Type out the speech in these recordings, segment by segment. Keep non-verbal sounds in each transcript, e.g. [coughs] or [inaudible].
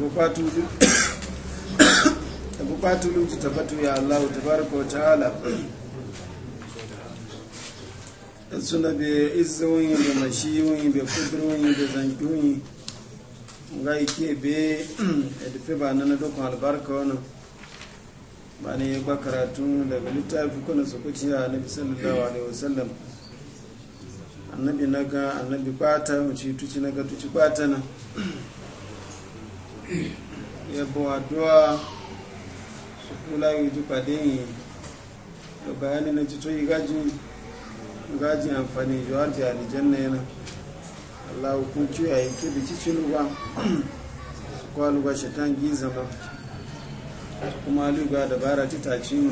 abu bukatu lutu tabbatu ya Allah tabaraka wa ta'ala suna be izza wani be mashi wani be kudur wani be zanki wani ga ike be [clears throat] edife ba na dokon albarka wani ba ne ba karatu daga littafi kuna su kuci a annabi sallallahu alaihi wasallam annabi naga annabi bata mace ci tuci naga tuci bata na yabo addu'a su kula yi duka dinyi da bayani na cito yi gajin gajin amfani juwar ta alijanna yana allah hukun kiwa yi ke da cikin ruwa su kwaluwa shekan giza ba kuma luga dabara ta taci mu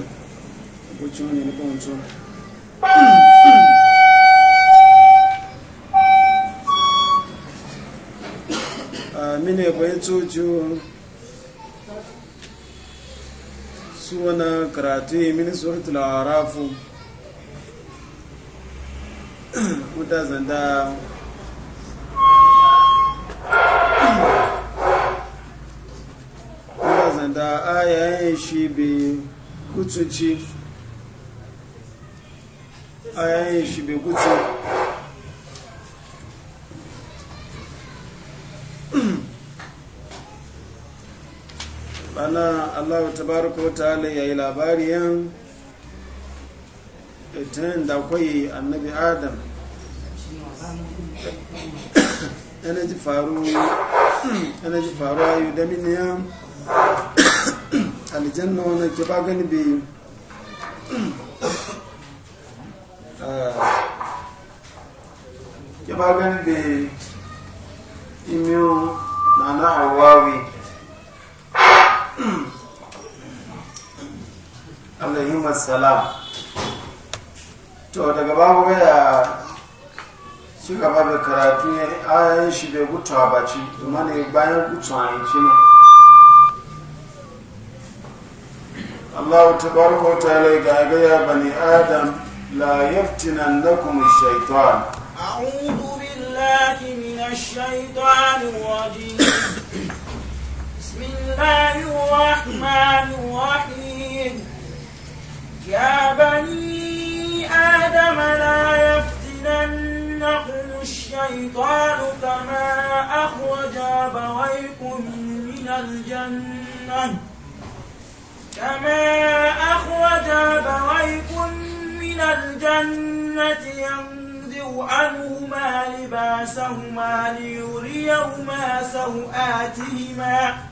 ko ciwo ne na kwanci mine bai coci su wani karatu yi mini suratul arafu wuta zanda wuta zanda ayayen shi bai kutuci ayayen shi bi kutuci bana allah tabaraka wa ta'ala yayi labari yan itin da kwai annabi adam yana ji faru a yi faru ayu da miniyan aljanna wani ke ba gani bi ah, ke gani bi salam to daga babu gaya shi gaba karatu ne ayan shi bai gutuwa ba ci kuma ne bayan gutuwa ya ci ne Allah ta barko ta lai ga gaya bani adam la yaftinan lakum shaitan a'udhu billahi بسم الله الرحمن الرحيم يا بني آدم لا يفتننكم الشيطان كما أخرج أبويكم من الجنة كما أخرج أبويكم من الجنة ينزع عنهما لباسهما ليريهما سوآتهما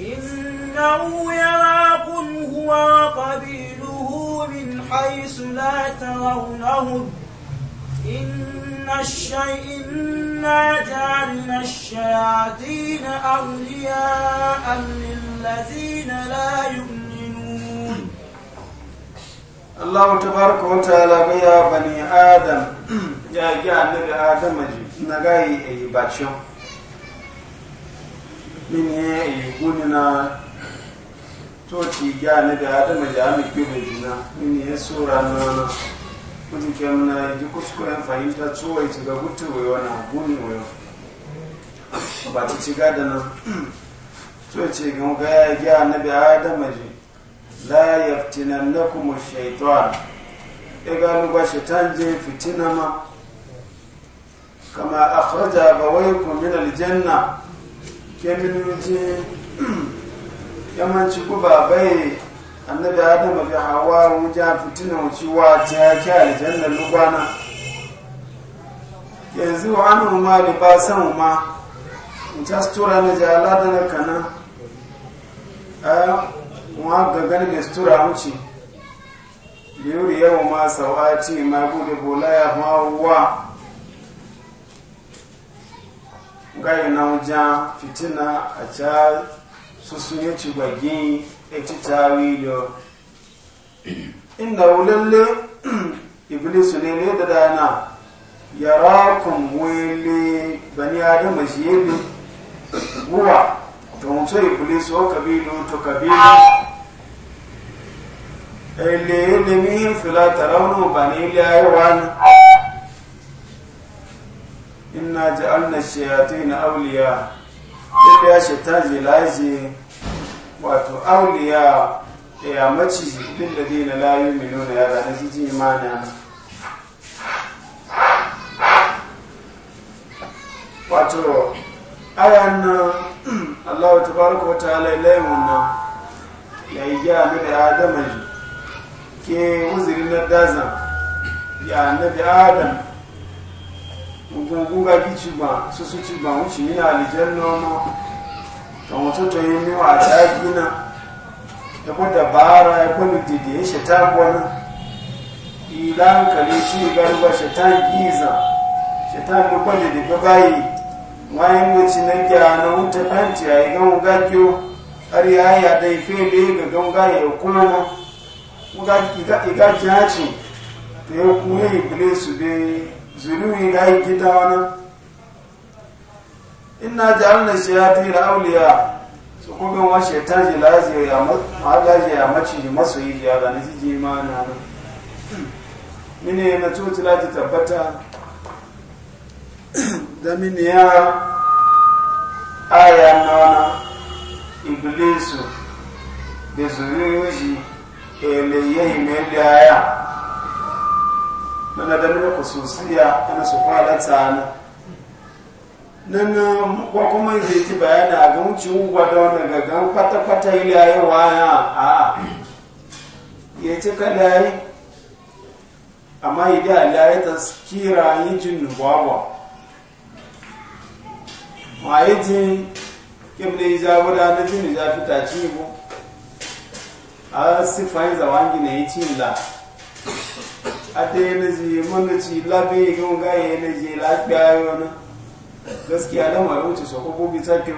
إنه يراكم هو وقبيله من حيث لا ترونهم إن الشيء إنا جعلنا الشياطين أولياء للذين لا يؤمنون الله تبارك وتعالى يا بني آدم يا جاء النبي آدم نجاي أي باتشون mini e gunina to ci ga ne da adama ja mi kibe jina mini e sura na kuni kemna ji kuskuren fahimta tsuwa ci ga gutu wayo na guni wayo ba ta ci ga da nan to ci ga ga ya ga annabi adama ji la yaftinannakum ash-shaytan e ga lu ba shaitan je fitina ma kama akhraja bawaykum min al-janna keminuti yamanci ku ba bai annabi adam bi hawa wuja fitina wuci wa ta ki aljanna lugwana yanzu an anu ma li ba san ma ta stura na jala da na kana a wa ga gani da stura wuci da yuri ma sawati ma gudu bola ya ma wa ngayo na wuja fitina a ca susun ya ci gwagin ya ci tawilo inda wulalle [clears throat] iblisu ne ne da dana yara kun wele bani adama shi yebe guwa ta mutu iblisu o kabilu to kabilu ele ele mihin fila taraunu bani ile ayewa wani? inna ja'alna shayatin awliya yadda ya shaitaji laji wato awliya ya mace din da dina mai nuna ya ranar jiji mana wato ayan nan allahu ta wa ta'ala ilayin wannan ya yi gya da adama ke wuzirin na dazan ya annabi adam ngungunga gichigba susu chigba nchimina alijanna omo kamutoto yimiwa atagina yako dabara yako mididi ye shetan bwana ilan kalishi garuba shetan giza shetan bukwa didi babayi mwayi mwichi na gyana wuta panti ya iga ngagyo ari aya da ifele iga gonga ya ukuma iga jachi to yokuwe iblesu be zunubi ga yi kita wani ina ji an na auliya su kuma wa shaitan ji lazi ya magaji ya maci masu yi ya da nasi ji ma na nan mini na coci lati tabbata da mini ya aya na wani iblisu da zunubi ele mai da aya mana da nuna kususiya ana su fara tsana nan kwa kuma zai ti bayana a gamcin gwada wani gagan kwata-kwata yi waya a ya ci ka layi amma yi da layi ta kira yi jin nubawa ma yi jin kim da yi zawo da na jin da fita ci bu a sifayin zawangi na yi cin la ate na ji mana ci labe ga ga ya na ji lafiya yi wani gaskiya nan wani wuce sako ko bi tsakin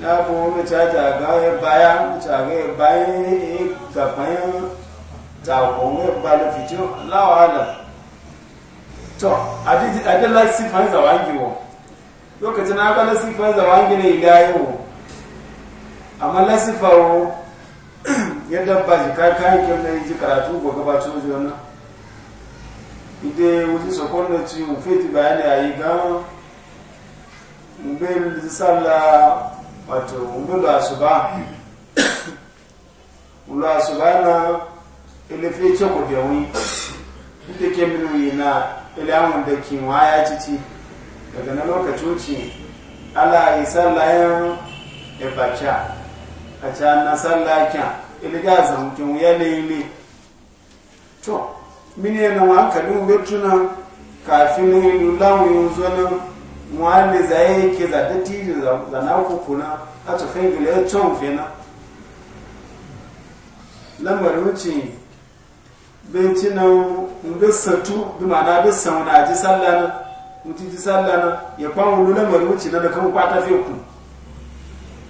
na ko wani ta ta ga ya baya ta ga ya baya ya ga baya ta ko ya ba da fito lawa to a adi la sifan zawangi wo lokacin na ga la sifan zawangi ne ga yau amma la sifawo [clears throat] yadda ba ji kai kai kin ne ji karatu gobe ba to ji wannan ide wuti sakon da ci mu bayani a yi gan mbe sallah wato mbe asuba mbe asuba na ile fece ko da wi ide ke minu na ile amun da ki waya cici daga na lokacin ci ala yi sallah yan e bacha a na sallah kyan ile ga zamukin yanayi ne to mini na wa ka dun wetuna kafin hilu lamu yunzo na mwale za yake za datiri za na kukuna hata kai gile ya chon fena lamar wuce benti na mbe satu bi ma'ana bi sauna ji sallana mutu ji sallana ya kwan wulu lamar wuce nada da kan kwata fe ku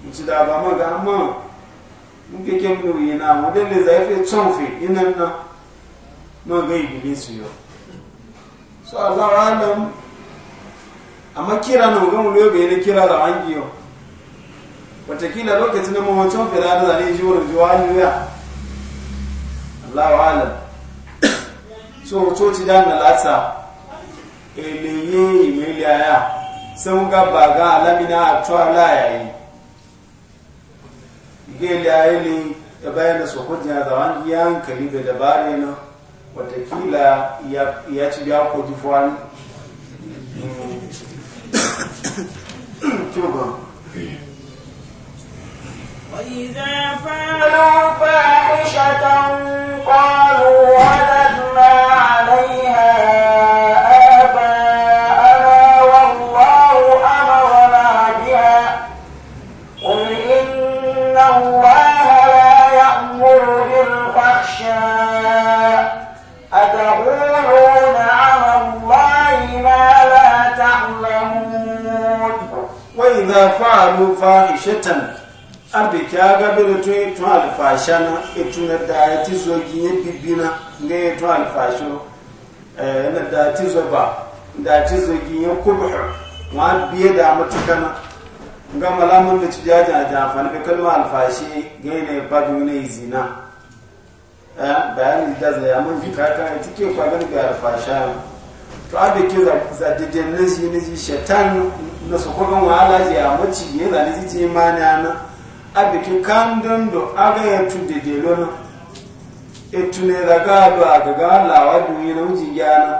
mutu da ba ma ga amma mun keke mu yi na ya fe chon fe inan na no ga ibilisu yau so Allah ranar a kira na ga wuri obi ne kira da an giyo watakila lokacin da mu fira da zane jiwar juwani ya Allah alam so wato ti dan latsa eleye imeli aya sun ga baga alamina atwa la yayi gele ayi ne da bayan da sokoji ya zawan yankali da dabare na watakila ya ci biya ko jifuwani وإذا فعلوا فاحشة قالوا faru fa'alu fahishatan abi kaga bere to e to alfashana ituna e da yati zo giye bibina nge e to alfasho eh na da ti zo ba da ti zo giye kubha wa biye da mutukana nga malamun da ciya ja ja fa ne kalma alfashi ge ne ba dune zina eh bayani da zai amma fikaka tike kwa ga alfashe to abi ke za dede ne shi ne shi shaitan na su wahala je a maci ya zane zai ce ma ne ana a bikin da aga ya tu da delo na etu ne da gado a gaga na wuce gyana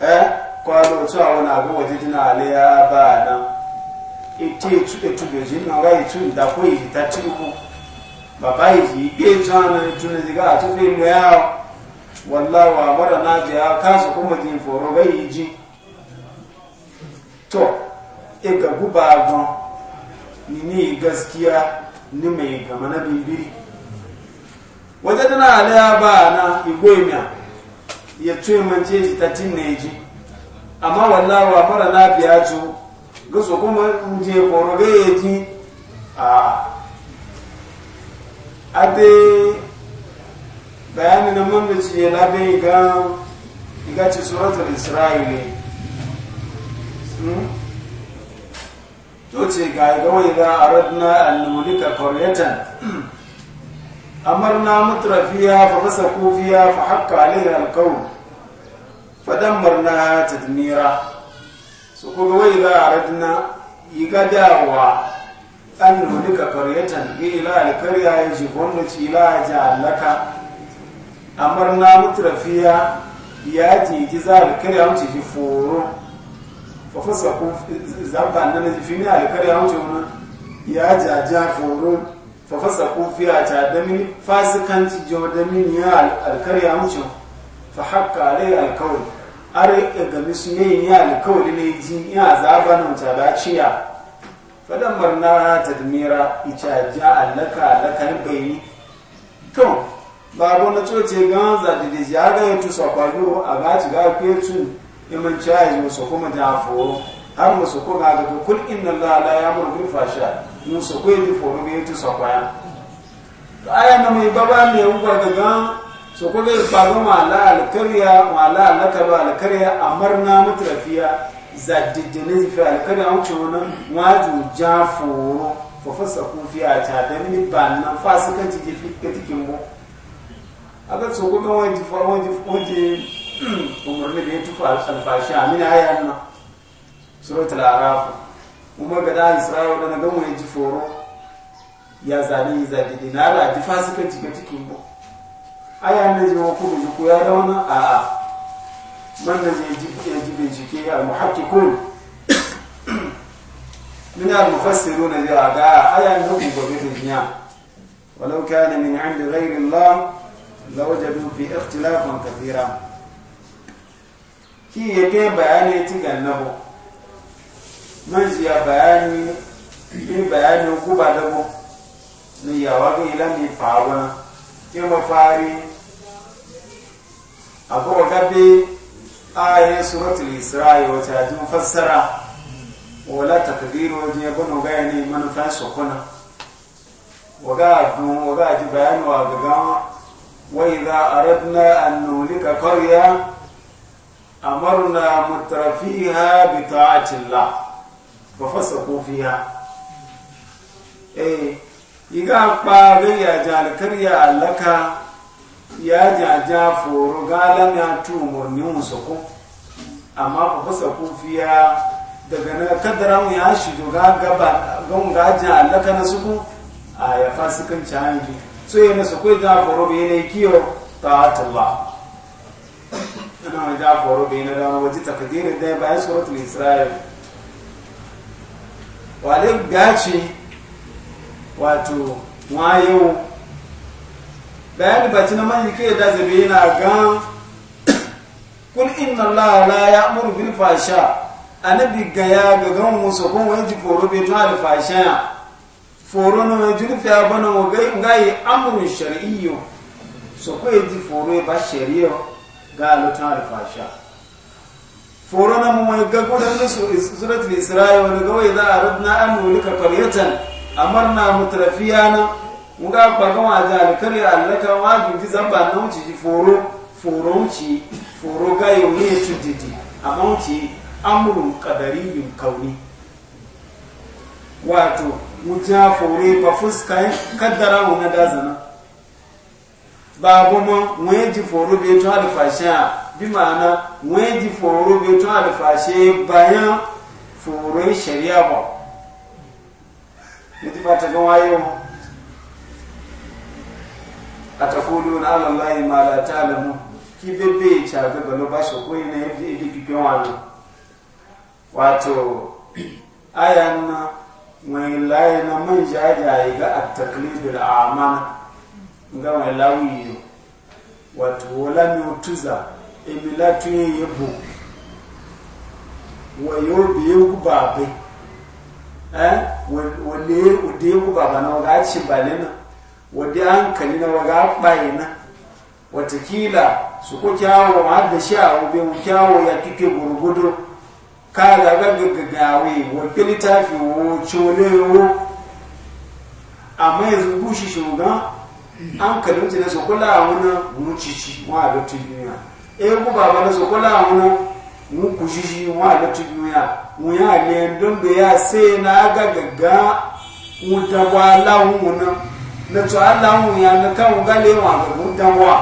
eh kwado cewa wani abu waje dina ya ba nan ita etu etu da jina ga etu da ko yi ta cirku bàbá yìí gbé jọ́nà tunisiga àti fíìmù ẹ̀ wọ́n to iga e guba gon ni ne gaskiya ni mai gama na bibiri wajen tana alaya ba na igoimiya ya ce mance ji ta cin ne ji amma wallawa mara na biya co ga su kuma je koro ga ya ji a ade bayanin nan mamaci ya labe ga ga suratul isra'ila to hmm? ce ga ga wai a radina an mulika A [clears throat] amarna mutrafiya fa fasa kufiya fa haka alayha alqawl fa dimira su ku gawai ga wai ga aradna igadawa an mulika koryatan bi ila alqarya yaji wanda ci ila A amarna mutrafiya ya ji ji za alqarya wuce ji foro wa fasaku zamba nan fi ni alkarya wuce mun ya jaja foro fa fasaku fi a ta da mini fasikanci jo da mini ya alkarya wuce fa hakka alai alkawl are ga misu ne ni alkawli ne ji ya zaba nan ta da ciya fadan marna tadmira ita ja allaka allaka bayni to babu na coce gan zadidi ya ga yato sakwalo a gaci ga fetu iman chai musu kuma da afo har musu soko ga da kul inna allaha la ya'muru bil fasha Musu ko yi foro ne to soko ya to aya na mai baba ne u ga ga ko da faru goma la al kariya wa la ka ba al amar na mutrafiya zaddidin fi al kariya an chona waju jafo fa fasaku fi a ta da ni ba nan fasikanci ji fi tikin mu aga soko ga wani wani wani Umurni ne da ya tufa alfashi a mina ya nuna surat al-araf umar gad'a dan isra'i da nagamu ya ji foro ya zali za di dinara ji fasika ji ga cikin ba. aya ne ji wa ku ji kuya da wannan a a man da ne ji a ji bin shike al muhaqqiqun min al mufassirun ya ga aya ne ku ga bin dunya walau kana min 'inda ghayri allah lawajadu fi ikhtilafan kathira ki ya kai bayani ya ci gannabo man ya bayani in bayani ku ba dabo ni ya wa ila mi fawa ke ma fari akwai gabe ayin suratul isra'i wata ji fassara wala takdiru wajen ya bano gaya ne manufan sokona waga dun waga ji bayani wa gaga wa idza aradna an nulika qaryatan amarna mutrafiha bi ta'atillah fa fasaku fiha eh iga pa ga ya jal karya alaka ya jaja foro gala na tumur ni musako amma fa fasaku fiha daga na kadara mu ya shi doga gaba ga gaja alaka na suku a ya fasikan canji so yana su kai da foro bi ne kiyo ta'atillah ina jafaro bai na dama waje takadirin dai bayan suratul isra'il walin gaci wato wayo bayan na man yake da yana gan kun inna ya la ya'muru bil fasha anabi gaya ga gan musu kun foro bai na da fasha na ya bana ba ga lutan alfasha foro na mu ga godan da su suratul isra'i wani ga za a rudna an mulika a amarna mutrafiyana mu ga kwaga wa ja alkarya allaka wa ji zamba na wuce ji foro foro wuce foro ya yau ne tudidi amma wuce amrun qadariyun kauni wato mu ja fore ba fuska kaddara mu na dazana babu mu wen ji foro be to a bi ma'ana wen ji foro be to alfashe bayan foro e shari'a ba mutu ba wayo gawa yau a takulu na alallahi ma la mu ki bebe ta ga galo so shi yi na yafi ibi kikkin wani wato ayan na mai layi na a jajaye ga at-taqlidul amana nga welawiyo watu wolamiutuza emilatu yeyebo wayobiyekubabe eh? wadeyekubaba na wagacibalina wade hankali na wagabayina watakila suko kyawo madda shawo be kyawo ya kike gurgudu kala gagagagawe wakilitafi wo cholewo amma yanzu bushi shugan An ti na so kula a wani mu cici wa a lotu duniya e ku baba na so kula a wani mu ku shishi wa a lotu duniya mu ya ne don da ya sai na ga gaga mu ta wa lahu mu na na to Allah mu ya na kan gale wa ga mu ta wa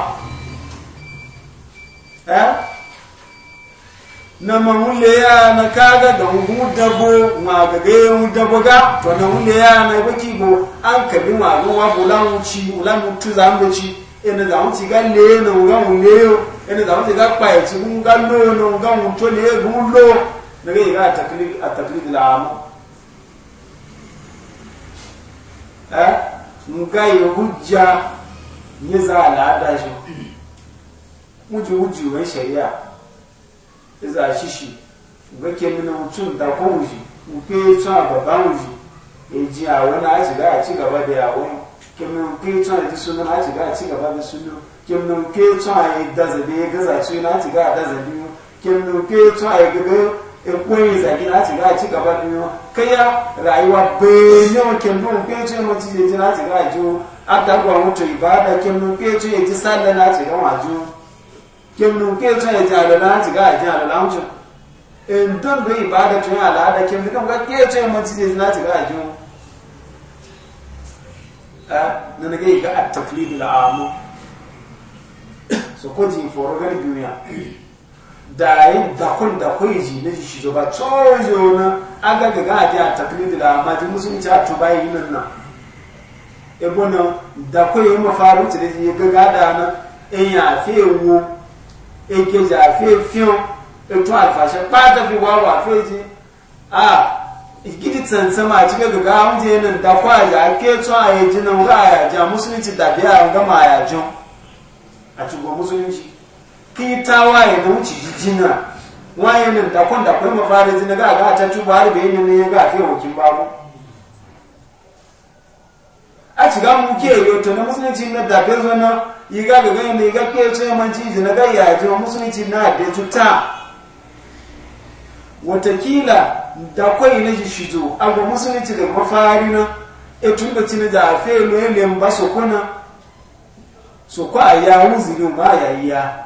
eh na mahule ya na kaga da hu dabo ma ga ga hu dabo ga to na ya na baki go an kabi ma go wa bulan ci ulan tu zango ci ene da ci ga le na ga hu le yo ina e da hu ci ga e ci hu ga lo no ga mu to le hu lo na ga e ga taklid at taklid la eh mu ga hujja ne za shi mu ji shari'a za shishi gake mina mutum da kun wuji muke tun a babban wuji ya ji a wani a shiga a ci gaba da yawon kemina muke tun a ji suna a shiga a ci gaba da suna kemina muke tun a yi dazabe ya gaza su na a daza da zabi kemina muke tun a yi gaba ekun zagi na ci gaba a ci gaba da yawon kaya rayuwa bai yawan kemina muke tun mutum ya ji na ci gaba a ji adagwa mutu ibada kemina muke tun ya ji sallah na ci gaba a ji nun ke tun ya tare na ji ga a ala lamu in don bai ibada tun ala da kemnu kan ga ke tun mun ji na ji ga ji a nan ga ga a taqlid da amu so ko ji foro ga duniya da yi da kun da kun ji ne shi zuba ba cojo na aga ga ga ji at da al amu ji musulunci a tuba yi nan na ebono da kun yi mafaru ci da ji ga ga da na in ya fi wo èkejì àfihàn ètò àfàṣẹ pátá fi wà wà fèjì a ìgidi tsantsan ma cikin daga hamdi yanin da kwaja ke tun a yaji nan ga ayaja musulunci da biya gama ayajan a cikin musulunci ki ta waye na wuce jijina waye nan da kwan da kwai mafari zina ga ga ta tuba har bayanin ne ya ga fiye wakin babu a ciga mu ke yoto na musulunci na dafe zana yi ga ga gani ne ga ke ce man ciji na ga yaji wa musulunci na da tuta watakila da kwai na ji shito abu musulunci da mafari na e tun da cini da afe lele ba so kuna so kwa ya wuzuri ma ya iya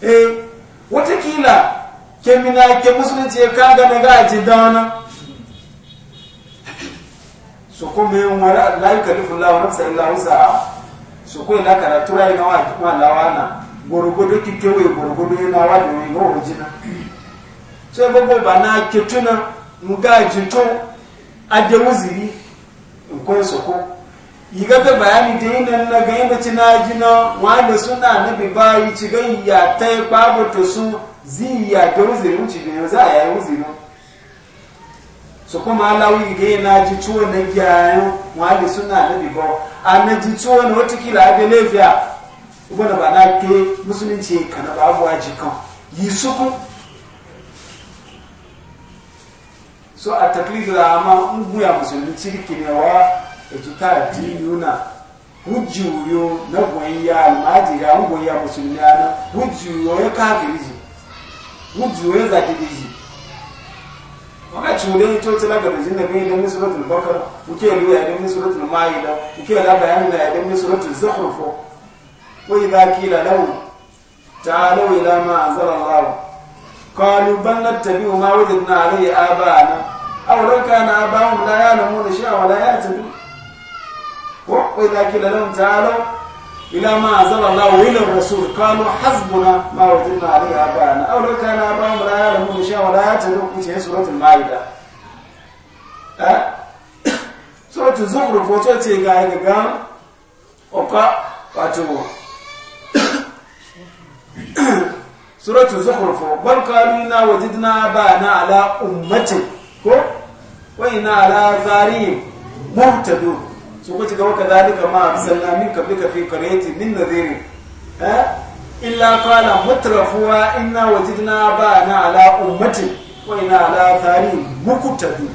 eh watakila kemina ke musulunci ya kaga na ga dana soko mi wala la yukalifu llahu nafsa illa wusaha soko ila karatu ya ina waji lawa na gorogodo kikewe gorogodo ina waji ni roho jina so ba gogo bana ketuna mugaji to aje wuziri nkon soko yigabe bayani da yin na ga yin cina jina wanda suna na yi bibayi cigan ya tai babu to su ziya da wuziri wuce da za a yayi wuziri so kuma alawi ga yana ji tuwo na gyayen wani suna na bibo a na ji tuwo na watakila abin lafiya ugo na ba na ke musulunci ka na ba abuwa jikan yi suku so a taklidu da ama ungu ya musulunci kinewa da tuta diyuna hujjuriyo na goyayya almajira ungoyya musulmi ana hujjuriyo ya kafiri ji hujjuriyo zakiri ji waka cuɗin coci na garajin da bai don suratul bakar kuke yi ya don suratul ma'ida kuke la bayan da ya don suratul zukhruf wa idza qila lahu ta'alu ila ma anzala Allah qalu bal nattabi'u ma wajadna alayhi abana aw law kana abahum la ya'lamuna shay'an wa la yahtadun wa idza qila lahum ta'alu ila ma azala Allah wa ila rasul kanu hasbuna ma wajadna alayhi abana aw law kana abahum la ya'lamu shawalatun kuce suratul maida eh so to zukru ko to ce ga ga ga oka wato suratul zukru bal kanu na wajadna abana ala ummatin ko wa ina ala zarim muhtadun su ku ci gaba ka zalika ma arsalna min ka fi ka fi kareti min na eh illa qala mutrafuwa inna wajidna na ala ummati wa inna ala tharin muqtadu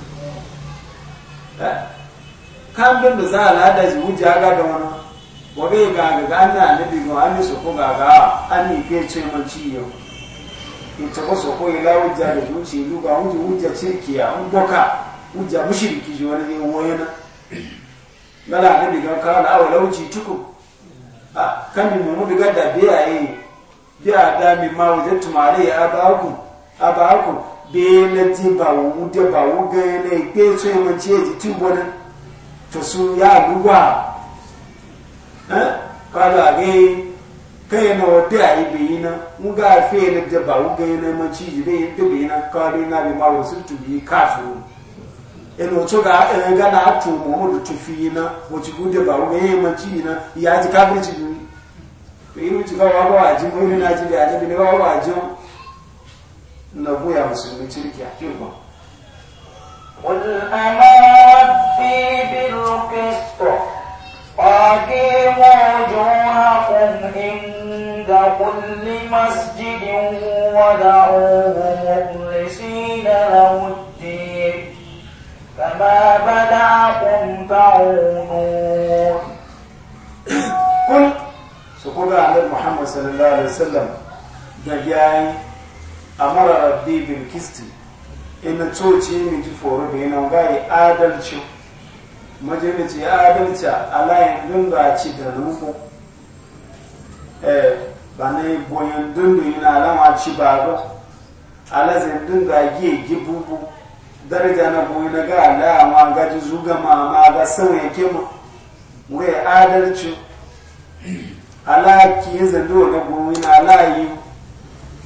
eh kan bin da za ala da ji ga da wani wabe ga ga an na nabi ga an su ko ga ga an ni ke ce man ci yau ita ko so ko ila wuce da zuci lu ga wujja wujja cirkiya un boka wujja mushriki ji wani ne woyana mẹ́la níbi gan kan láwọ̀ lọ́wọ́ jí túkù kámi mọ̀mú bí gádà bí àyè bí àdá mi máa wò dé tùmárì abáàkù abáàkù bí lẹ́tí bàwù dé bàwù gan ní ìpé tó ìmọ̀ tí èyí tí wọ́n ní tòṣù yá àlúwà kálọ̀ àgé kẹ́yìn náà wọ́n dé àyè bèyí ná ń gá fẹ́ẹ́ lẹ́tí eno tsoga enga na atu muhudu tufina muchikunde barume yema china ya tikabri chiduni peiru chika wako waji mwiri na chidi aje bine wako waji na buya musulmi chiriki akirwa قل أما ربي بالقسط وأقيموا وجوهكم عند كل مسجد ودعوه مخلصين له الدين ما منعكم تعودون قل سقوط على محمد صلى الله عليه وسلم دجاي أمر ربي بالكست إن توتي من تفور بين وغاي آدلتي majalici adalci a layin dungaci da rufu ba na boyan dundu yana ci ba ba alazin dunga giye gibubu daraja na boye na ga alama ga ji zuga ma ma ga sauye ke mu mu ya adalci ala ki wa na boye na ala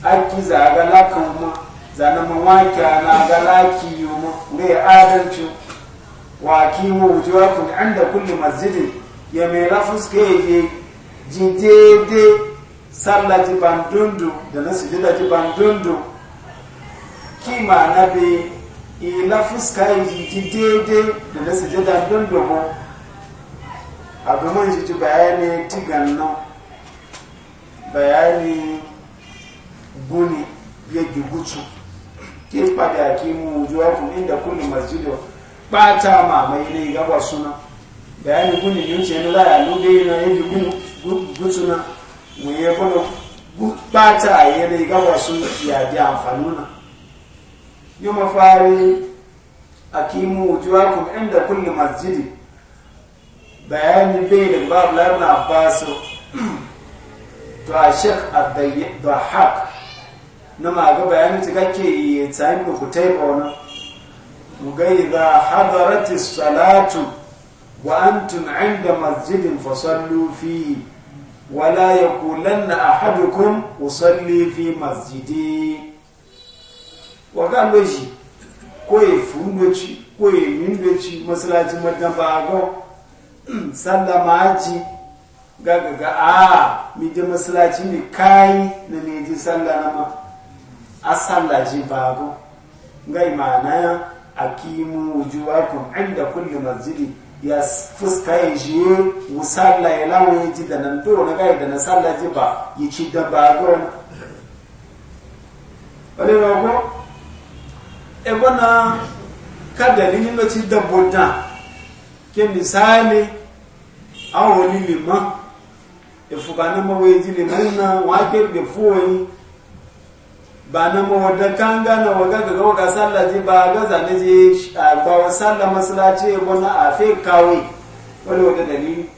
aki za ga la kan mu za na ma wa na ga la ki yi mu mu adalci wa ki mu an da kulle masjidin ya me ka yi ye ji daidai ji bandundu da na sujida ji bandundu ki ma na be ila e, fuska yi jiki daidai da na sujada don domin abu man jiki bayani tigan bayani guni ya gigutu ke fada ki mu wujuwa kun inda kullum masjido bata mamaye ne gaba suna bayani guni ne ce ni laya lube na yin guni na mu yi kono bata a yi ne gaba suna ya di amfani na yuma fari akimu wujuhakum inda kulli masjidi bayani bai da babu labin abbasu to a shek abdahak na maga bayanin ta kake yi tsayin da ku taiba wani mu gai da hadarati salatu wa antum inda masjidin fasallu fi wala yakulanna ahadukum usalli fi masjidi waga loji ko ya furu loji ko ya min loci masalacin madafa ga sallama ji gagaga a mi je masalaci ne kai na ne ji sallah na ma a sanda ji ba ga ngai ma'ana ya akimu wujuhakum inda kulli masjidi ya fuska ya je musalla ya lawo ya ji da nan to na gai da na sallah ji ba yi ci da ba ga wani ba ebona ka dalilin da ci dabbota ke misali awoni liman efugana maweji liman na na ke da fuwoyi ba na mawadda kanga na waga ga wa sallah ji ba ga zane a ba wa sallah masalaci ebona a fe kawai wani wata dalili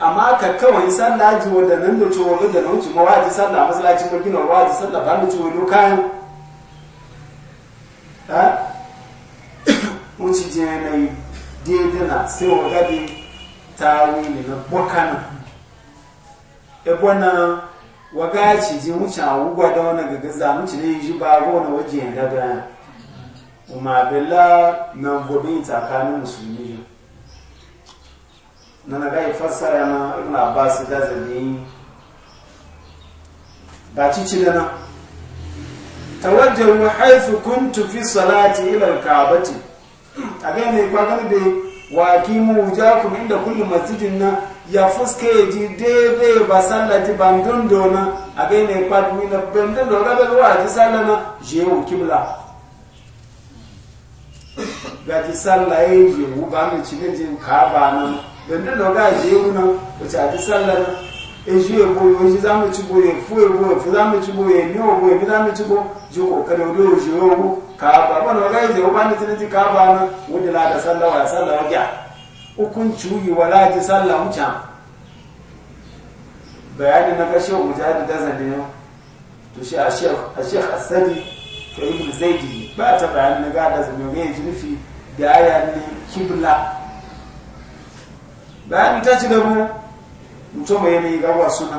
amma ka kawai sallah ji wadda nan da ciwo da nan ma wa ji sallah masalaci ko gina wa ji sallah ba mu wani kayan ha wuce [coughs] je na yi daidai na sai wa gadi tawili na bukana ebo na waga ci ji wuce a wugwa da wani gagaza na ne ji ba na waje yanda ya kuma bela na gobe tsakanin na na gai nana na ibn abbas na zabi ba ci ci da na tawajjahu haythu kuntum fi salati ila al-ka'bati aga ne kwa kan be wa kimu wujakum inda kulli masjidin na ya fuske ji dede ba sallati bandun dona aga ne kwa ni na bandun dona ba wa ji sallana je wu kibla ga ji sallaye je wu ba ne cinin jin ka ba na, bandun dona je wu na ko ta ji sallana ezu ebo ezu zamu chibo efu ebo efu zamu chibo enyo ebo ebi zamu chibo jiko kare odo ozu ogo kaaba bana waga eze oba ni tiniti kaaba na wudi la da salla wa sallah waja ukun chuyi wala ji sallah mucha bayani na kashe mujahid da zabiyo to shi a shekh a shekh asadi ka ibn zaidi ba ta bayani na ga da zabiyo ga yaji nufi da aya ne kibla bayani ta ci gaba mutum ya mai gawa suna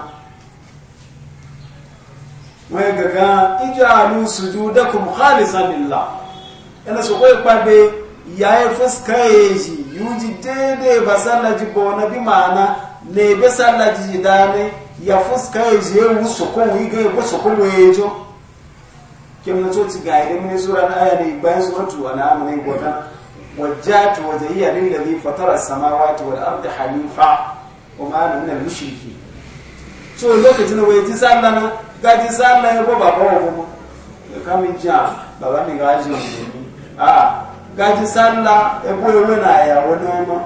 mai gaga ijalu sujudakum khalisan lillah yana so kai kwabe yayi fuska yeji yuji dede ba sallaji bo na bi mana ne be sallaji dane ya fuska yeji ya wusu ko wi ga ko so ko wejo kem na toti ga ire mun sura na aya ne bayan suratu ana amane godan wajjatu wajhiya lil ladhi fatara as-samawati wal ardi halifa wa ma ana minal mushriki so lokacin wai ji sallah na ga ji sallah ya baba ba wa kuma ya kamin ja ah, baba mi ga ji ni a ah, ga ji sallah ya boye wona ya wona ma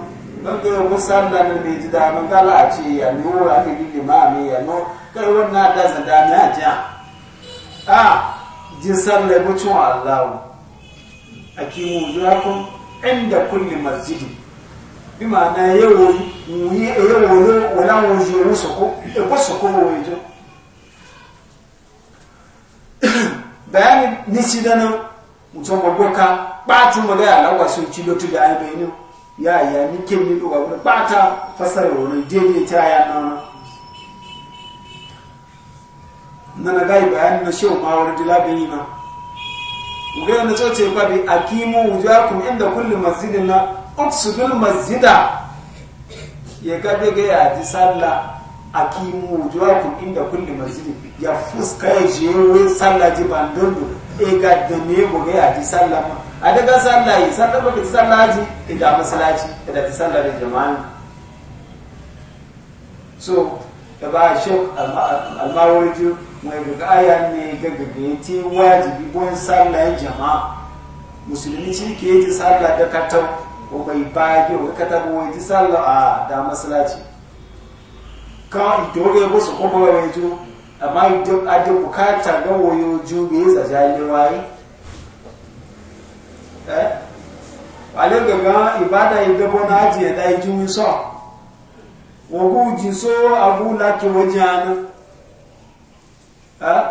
ban ga ko sallah na me ji da man a la ce ya ni wo ya ni limami ya no kai wannan da zan da a ja a ah, ji sallah ya bo Allah akimu jurakum inda kulli masjidi bima na eh, eré wo wùn yí eré wo ló wọ láwọn oṣù owó sòkó èkó sòkó wo ìjọ bẹ́ẹ̀ ni ní sí dáná mutum gbogbo ka ɓata mu da alawa sun ci lotu da ai bai ya ya ni ke ni duwa wani ɓata fasar wani daidai ta ya nana nana gai bayani na shehu ma wani dila bai yi na ugai na tsoce ba bi akimu wujakun inda kullum masjidin na uksudul masjida ya gabe ga ya ji sallah a kimu wujuwakum inda kulle masjidin ya fuska ya je wurin sallah ji bandondo e ga da ne mu ga ya ji sallah ma a daga sallah yi sallah ba ji sallah ji masalaci masallaci da ta sallah da jama'a so da ba shek almawarju mai daga aya ne ga ce wajibi bon sallah jama'a musulmi ci ke ji sallah da katau o bai bage o kata bo ti sallo a da masallaci kan idoge bo so ko bo we ju amma ido ade bukata ga woyo ju be za jale wai eh wale ga ibada ibe bo na ajiye da ju so wo ku ji so abu la ki wo jana ah eh?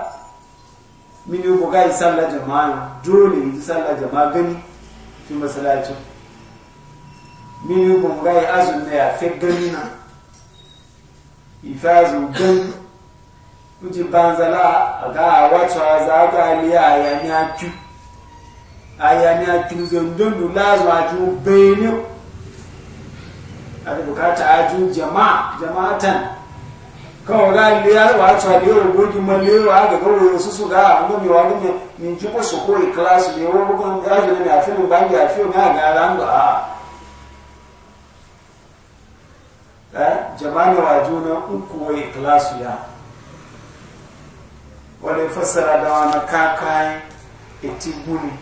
mini ko ga isalla jama'a dole isalla jama'a gani fi masallacin mi yi gunga ya azun na ya fi gani na ife azun gani kuci banzala a ga a wacce za a ga aliya a yani aki a yani aki zondon lula zuwa ju benin a da bukata a ju jama'a jama'atan kawo ga aliya wacce a liya rubuki malewa a ga gawo su su ga a gomi wa gomi min ji ko su ko ikilasu ne wani gomi ga shi ne a filin bangi a filin ya ga ran Eh? jama'a wa juna in kuwa ikilasu ya wani fassara da wani kakayen iti guni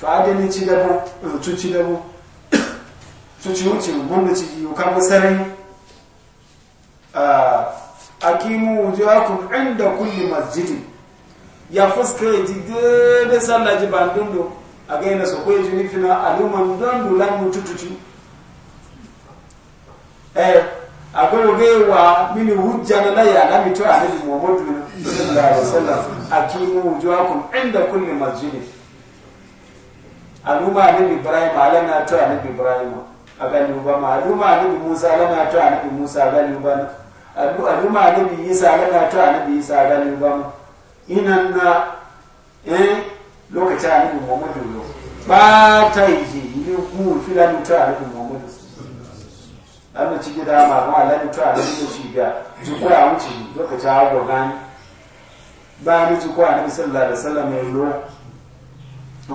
to adini ci da dabo tu ci da dabo [coughs] tu ci wuce gundu ci yi kan musarai ah, akimu wujuhakum inda kulli masjidin ya fuska ya ji daidai sallaji ji bandun a gaina su kwaye jini fina aluman don dulan mutututu eh akwai rewa mini hujja na laya na to a nabi muhammadu sallallahu alaihi wasallam akimu wujuhakum inda kulli masjid aluma nabi ibrahim alana to nabi ibrahim agani uba ma aluma nabi musa alana to nabi musa agani uba na aluma nabi isa alana to nabi isa agani uba ma inan na eh lokacin nabi muhammadu ba ta yi yi ni ku filani to nabi muhammadu lanu ci gida ma kuma lanu a nan shi ga ji ko a wuce a ji ko a sallallahu alaihi wasallam ya lo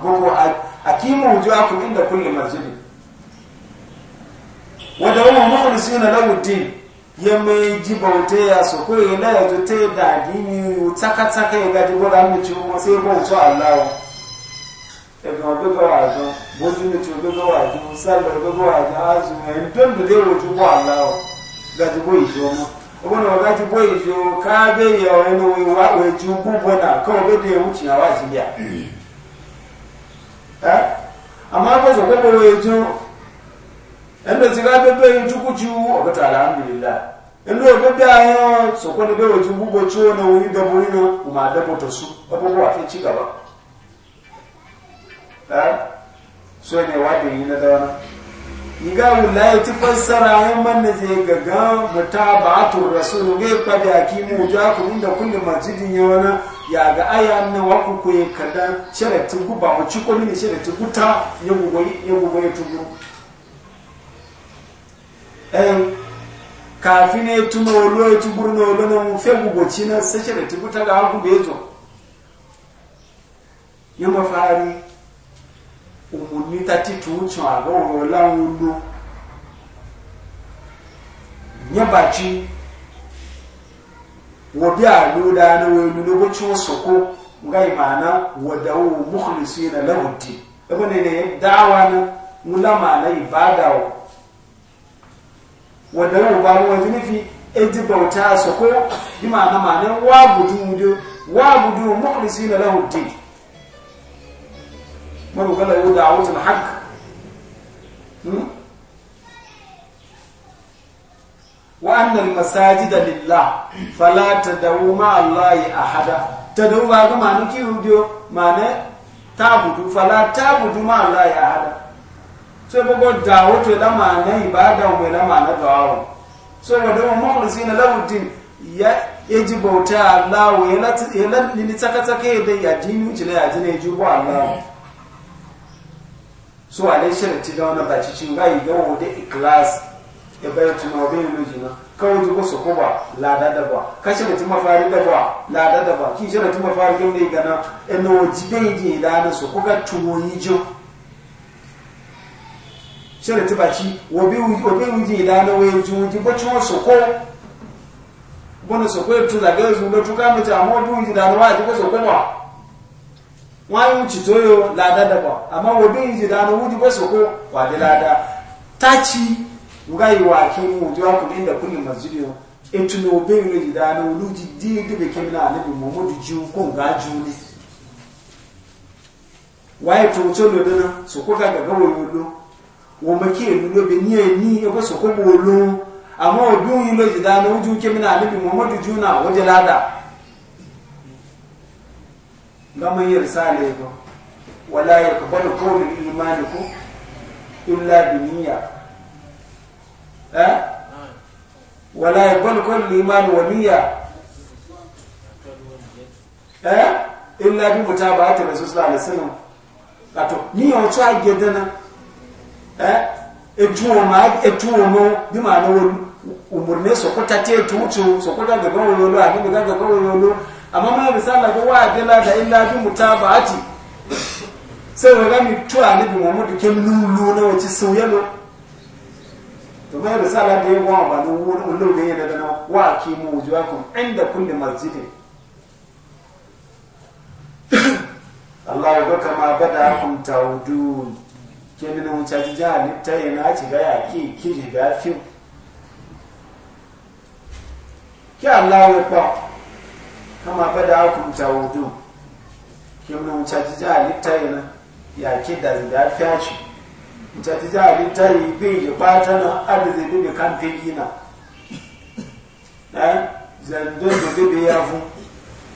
ko ko akimu wujuhakum inda kulli masjid wa mukhlisina lahu ya din yẹmẹ jibọ̀tẹ́ àsọ̀kọ́ ìlẹ́ẹ̀dọ́tẹ́ dàdí ni ò tákátáká ìgbàdìbọ́dà mú ẹ̀fọn gbẹ́gbẹ́ àjọ bójú ètò gbẹ́gbẹ́ àjọ sálẹ̀ gbẹ́gbẹ́ àjọ àjọ ẹ̀yìn tó ń dòdè rojú wà láwọ̀ gàdí bó ìjọ ọmọ ọgbọ́n náà gàdí bó ìjọ káàbẹ̀yẹ ẹnu ìwà ètò gbogbo náà kọ́ ọgbẹ́dẹ ewu tì náà wà sí yà. àmọ́ afẹ́sọ̀ gbẹ́gbẹ́ ètò ẹnu ti káàbẹ̀bẹ̀ ìjúkújú ọ̀gọ́ta àlàmìlélà ẹnu ọgbẹ́bẹ̀ ayọ́ sọ̀kọ́ni bẹ́ẹ̀ ojú gbogbo tí ó náà oyún dẹ́bùrú náà kò máa dẹ́bùtọ̀ sún ọgbọ́n wà fẹ́ tí gàbá. so ne wadda yi na dawana iga wula ya ci fassara yin man da zai gaga muta ba a rasulu ga kwa da ki mu ja ku inda kullum masjidin ya wana ya ga aya na wa ku ko kada sharatin ku ba mu ci ko ne sharatin ku ta ya gogoyi ya gogoyi tugu kafin ya tuma lo ya tugu no lo na mu fe gogoci na sharatin ku ta ga ku beto yamma fari umarni ta titi wucin agbawo lawon lo ya baci wa biya loda na wani lokacin soko gai mana wa dawo mukhlisi na lahuddi abin ne dawa na mulama na ibada wa wa dawo ba mu wani nufi eji bauta soko bi ma'ana ma'ana wa budu wa budu mukhlisi na lahuddi mara gala yau da awon alhaq hmm? wa annal masajida lillah fala tadawu ma allahi ahada tadawu ba ga manu ki rudiyo mane tabudu fala tabudu ma allahi so dawo to da mane ibada mu da mane dawo so wa da mukhlisina lahu din ya yaji bauta allah wa ya lati ya lati ni takatake da ya dinu ya jine jubo allah so na sharti da wani baci cin gayi ga wode ikilas ya bayar tuna wa bayan na ba la da ba ka sharti mafari da ba la da ba ki sharti mafari yau ne gana ina waji bai da na su tumoyi jo sharti baci wabe wuji da na wayan ji wuji bacin wọ́n ń tìtò yóò ládádàbọ̀ àmọ́ wọ́n bí ìjìdá ní wújú bẹ́ sọ́kó wà dé ládá táchi wúgá ìwà kí wọ́n wùdí wá kùnrin ìdàkùn ní mazuri o ètò ní òbí ìrìn ìjìdá ní olújì dídìbì kí náà níbi mọ́mọ́dù jíun kó ń gá ní. tó tó lò dáná ká yóò lò wọ́n kí ní lò àmọ́ kí náà níbi náà wọ́n ládàá ga mun yi risale ba wala ya kabalu kawulin imani illa biniya eh wala ya kabalu kawulin imani waliya eh illa bi mutaba'ati rasul sallallahu alaihi wasallam ato ni o tsa gedana eh etuwo ma etuwo mo bi ma no umurne sokota te tutu sokota ga gawo lolo ani ga ga wani lolo amma muna misali ga wa dela da illa bi mutaba'ati sai wa gami tuwa ni bi mamudu ke lulu na wace sauyalo to muna misali da ya gwa ba lulu wani ne yana da na wa ki mu wujuwakum inda kulli masjidin Allah ya ga kama bada kun taudun ke nuna wuce ji jihar lipta yana ci ga yaki ki riga ki Allah ya kwa kama bada akum tawudu a mchatija alitai na ya kida zida fiachi mchatija yi bi ta na ardhi na. kampigina eh zandon do ya yavu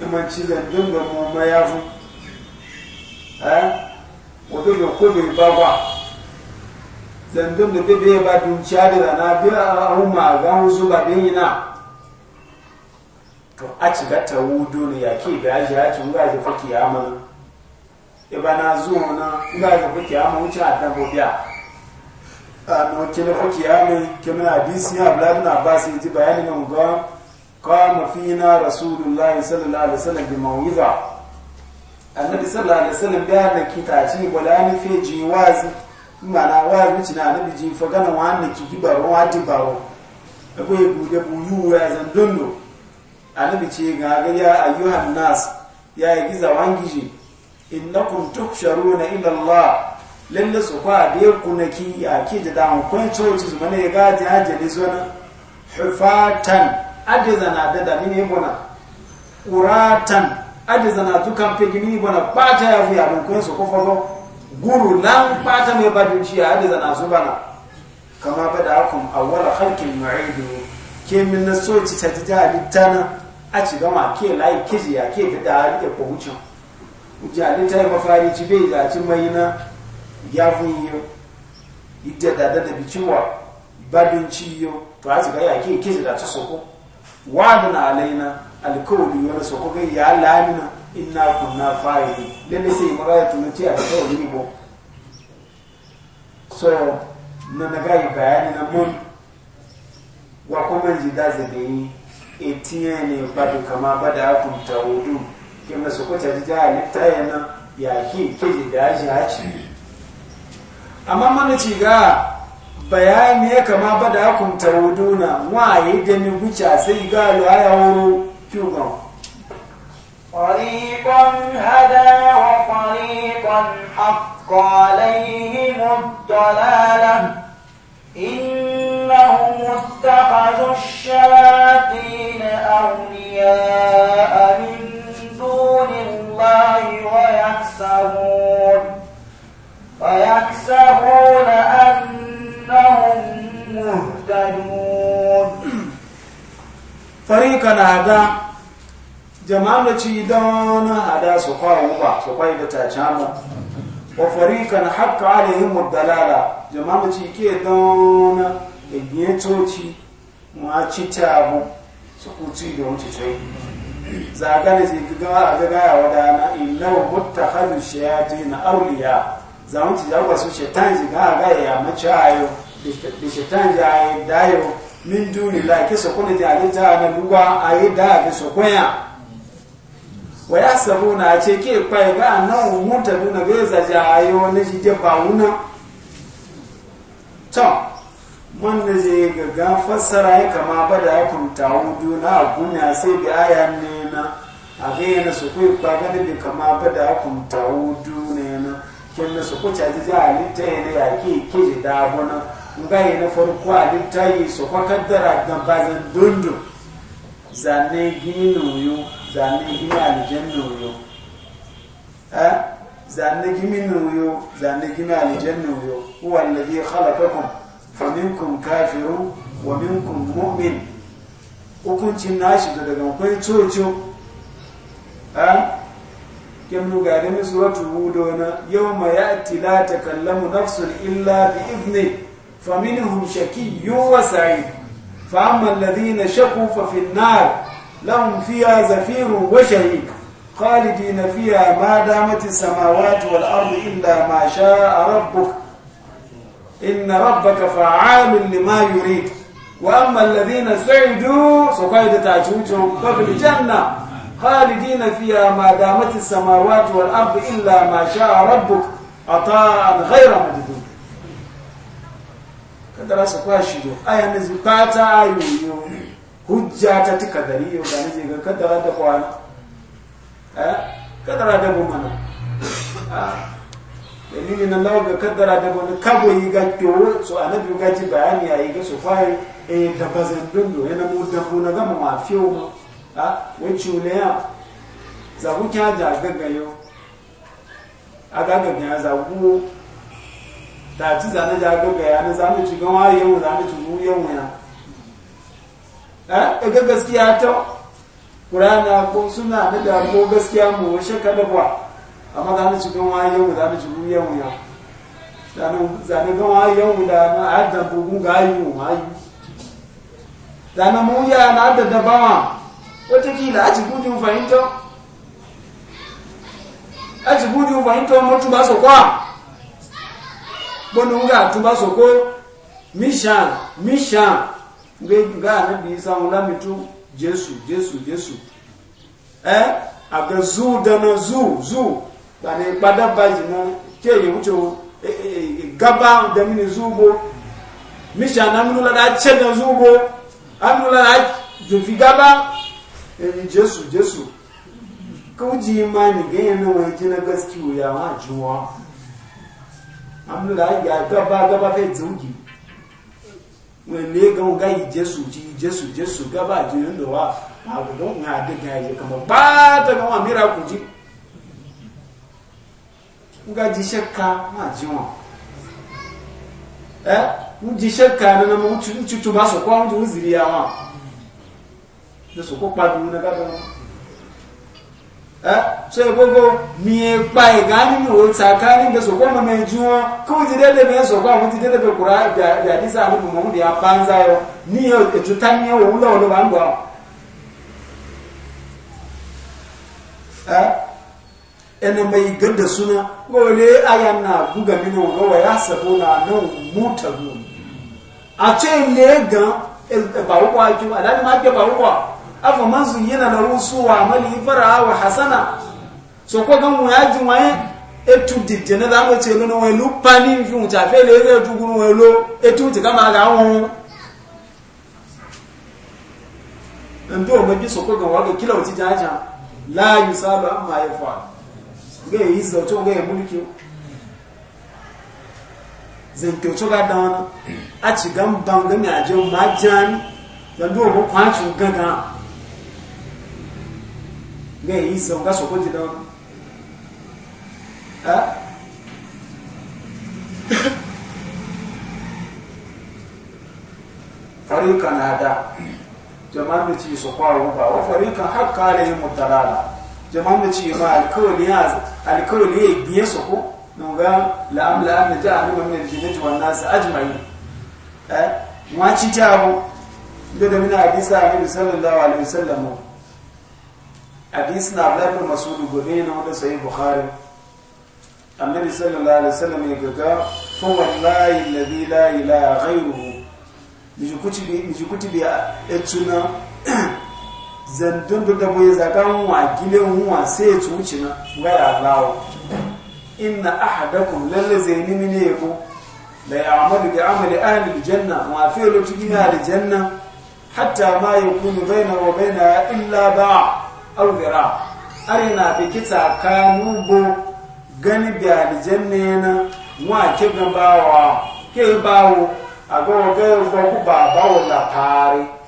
Imanci ci zandon do ya yavu eh wato do ko bi baba zandon do ya ba dun chadi na biya ahuma ga husu ba yi na? to a ci gata wudo ne ya ke ga shi ya ci nga ji fa mun e ba na zuwa na nga ji fa mun wuce a dan bobiya a no ke fa kiyama ke mun hadisi ya Abdullah ibn Abbas ji bayani nan ga qama fina rasulullahi sallallahu alaihi wasallam bi mawiza annabi sallallahu alaihi wasallam da na kitaci bolani fe ji wazi mana wazi ci na annabi ji fagana wa annabi ki wa dibaro akwai gude bu yuwa zan dondo annabi ce ga ga ya ayyuhan nas ya yi giza wangiji innakum tuhsharuna ila Allah lalle su kwa da ku ki a ke da damar kun coci su mana ya ga ne hajjali zona hufatan ajiza na da da mini bona kuratan ajiza na tu kamfe gini bona bata ya fi abin kun su kofolo guru nan bata mai baduci ajiza na su bana kama bada akum awwala khalqin mu'idu ke min soci ta ta halittana a ci gama ke layi kiji ya ke fita rike ko wucin jalin ta yi mafari ci bai ci mai na ya fi yi ita da da bi ciwa badin ci yi to a ci ga ya ke kiji da ta soko wadana alaina alkawari wani soko ga ya lamina inna kunna fa'ili lalle sai tuna tunuci a kawai ne bo so na nagayi bayani na mun wa kuma ji da zabe yi etiye ne badu kama bada akun ta hudu kima su kuta ji ta halitta yana ya ke keji da ji haci amma mana ci ga bayani ya kama bada akun ta hudu na waye da ni guca sai ga ya wuro kyugan hada هدى وطريقا حق عليهم الضلاله إن أنهم اتخذوا الشياطين أولياء من دون الله ويكسبون ويكسبون أنهم مهتدون فريقا هذا جمال تشيدون هذا سخاء الله سخاء بتاجانا وفريقا حق عليهم الدلالة جمعنا تشيكي دون egiye toci ma ci ta abu su kuci da wuce tai zaga ne zai gawa a gaga ya wadana illau mutta halu shayati na auliya za mu ci za su shaitan ji ga ga ya mace ayo da shaitan ji ayo dayo min duni la ke sokone ji ale ta na duwa ayo da ga sokonya wa ya sabuna ce ke kai ga nan mutabuna ga za ja ayo ne ji ba wuna to wanda zai ga ga fassara ya kama ba da ya kunta hudu na gunya sai bi aya ne na a ga yana su kuyi kwaga da bi kama ba da ya kunta hudu ne na kin su kuca ji ji halitta ya ne ya ke ke ji dagona nga yi na farko halitta yi su kwa kaddara ga bazin dundu zane gini noyo zane gini alijan noyo zane gini noyo zane gini alijan noyo huwa alladhi khalaqakum faminkum kafiru wa minkum hukuncin nashi da daga kwai coco a kem luga da misu wata hudo na yau ma ya tila ta kallamu nafsun illa bi izini faminhum shaki yiwuwa sa'i fa'amman ladina shaku fafin nar lahun fiya zafirun washari khalidina fiya ma damati samawati wal ardu illa ma sha'a rabbuk إن ربك فعال لما يريد وأما الذين سعدوا سقيد تعجوجهم ففي الجنة خالدين فيها ما دامت السماوات والأرض إلا ما شاء ربك عطاء غير مجدود kadara su kwashi yo aya ne zu kata ayoyo hujja ta tika dari yo ga ne ga kadara da kwana mana dalili na lawa ga kaddara da wani kago yi ga kyowo so annabi ga ji bayani yi ga su fayi E eh, da bazan dundu yana mu da na gama ma fiyo a wacce ah, chule ya za ku kya da gaggayo a gaggayo ya za ku ta ci za na ja gaggaya na zane ci gan yau za ci mu yau ya eh, A ga gaskiya ta Qur'ana ko suna da ko gaskiya mu shakka da ba amma da hannu cikin wani yau da hannu cikin yau ya zane gan wani yau da na adda bugun ga ayu ayu da na mu ya na adda dabawa wata kila aji gudun fahimta aji gudun fahimta mutu ba kwa bonu ga tu ba ko mission mission ngai ga na bi sa mu jesu jesu jesu eh zu da na zu zu bani kpada baji na ke yi wuce e, e, e, gaba da mini zubo misha na minu lada ce da zubo aminu lada zufi gaba in jesu jesu kawuji ma ni ganyen na wani jina gaskiyo ya wa juwa aminu lada ya gaba gaba fai tsungi wani ga ga yi jesu ji jesu jesu gaba jinin do wa abu don ya daga ya kama ba ta gama miracle ji nga ji ka ma ji wọn ẹ eh? ń ji shakka nínú mọ tuntun bá sọkọ àwọn jòun zìrì àwọn ní sọkọ pàdùn ní gábẹ wọn ẹ eh? so ẹ gbogbo mi e pa ìgá e nínú ni ká ní ìgbẹ sọkọ ọmọ mi ju wọn kí de ti délé mi sọkọ àwọn ti de mi kura ìdàdísà àwọn ọmọ mi di apánzá yọ ní ètò tá ní òun lọ́wọ́ ló wà ń bọ̀ ẹ. ene mai ganda suna wale ayan na guga mino ga waya na nan muta gu a ce ne ga ba wa ki alal ma ke ba wa afa man zuyina na rusu wa amali fara wa hasana so ko gan e mu yaji waye etu dide na da mo ce lo no lu fi mu ta fe le le tu gun we lo etu ti ka ma ga won ndo mo bi so ko gan wa ga kila o ti jaja la yusalu amma yafa'al ga yi zauce ga yi mulki zan kyauce ga a ci gan banga mai ajiyar majiyan zan duwa ko kwacin gaga ga yi zau ga sokon a farika na da su kwaro farika jama'a da ce ma alkawari ya alkawari ya biye su ko don ga la'amla an ta an ga min jinnati jiwa nasu ajma'in eh ma ci ta abu da da min hadisi annabi sallallahu alaihi wasallam hadisi na Abdullah bin Mas'ud gobe na wanda sai Bukhari annabi sallallahu alaihi wasallam ya gaga fa wallahi alladhi la ilaha ghayruhu nijikuti bi nijikuti bi etuna [clears throat] zantun da mu zaga wa gilen wa sai ya ci wuce na ga ya lawo inna ahadakum lalle zaini mine da la Amadu bi amali ahli Janna wa fi lutu gina aljanna hatta ma yakunu baina wa ya illa ba aw zira arina bi kitsa kanu bo gani bi aljanna yana wa ke gabawa ke bawo a ga ku ba bawo la tare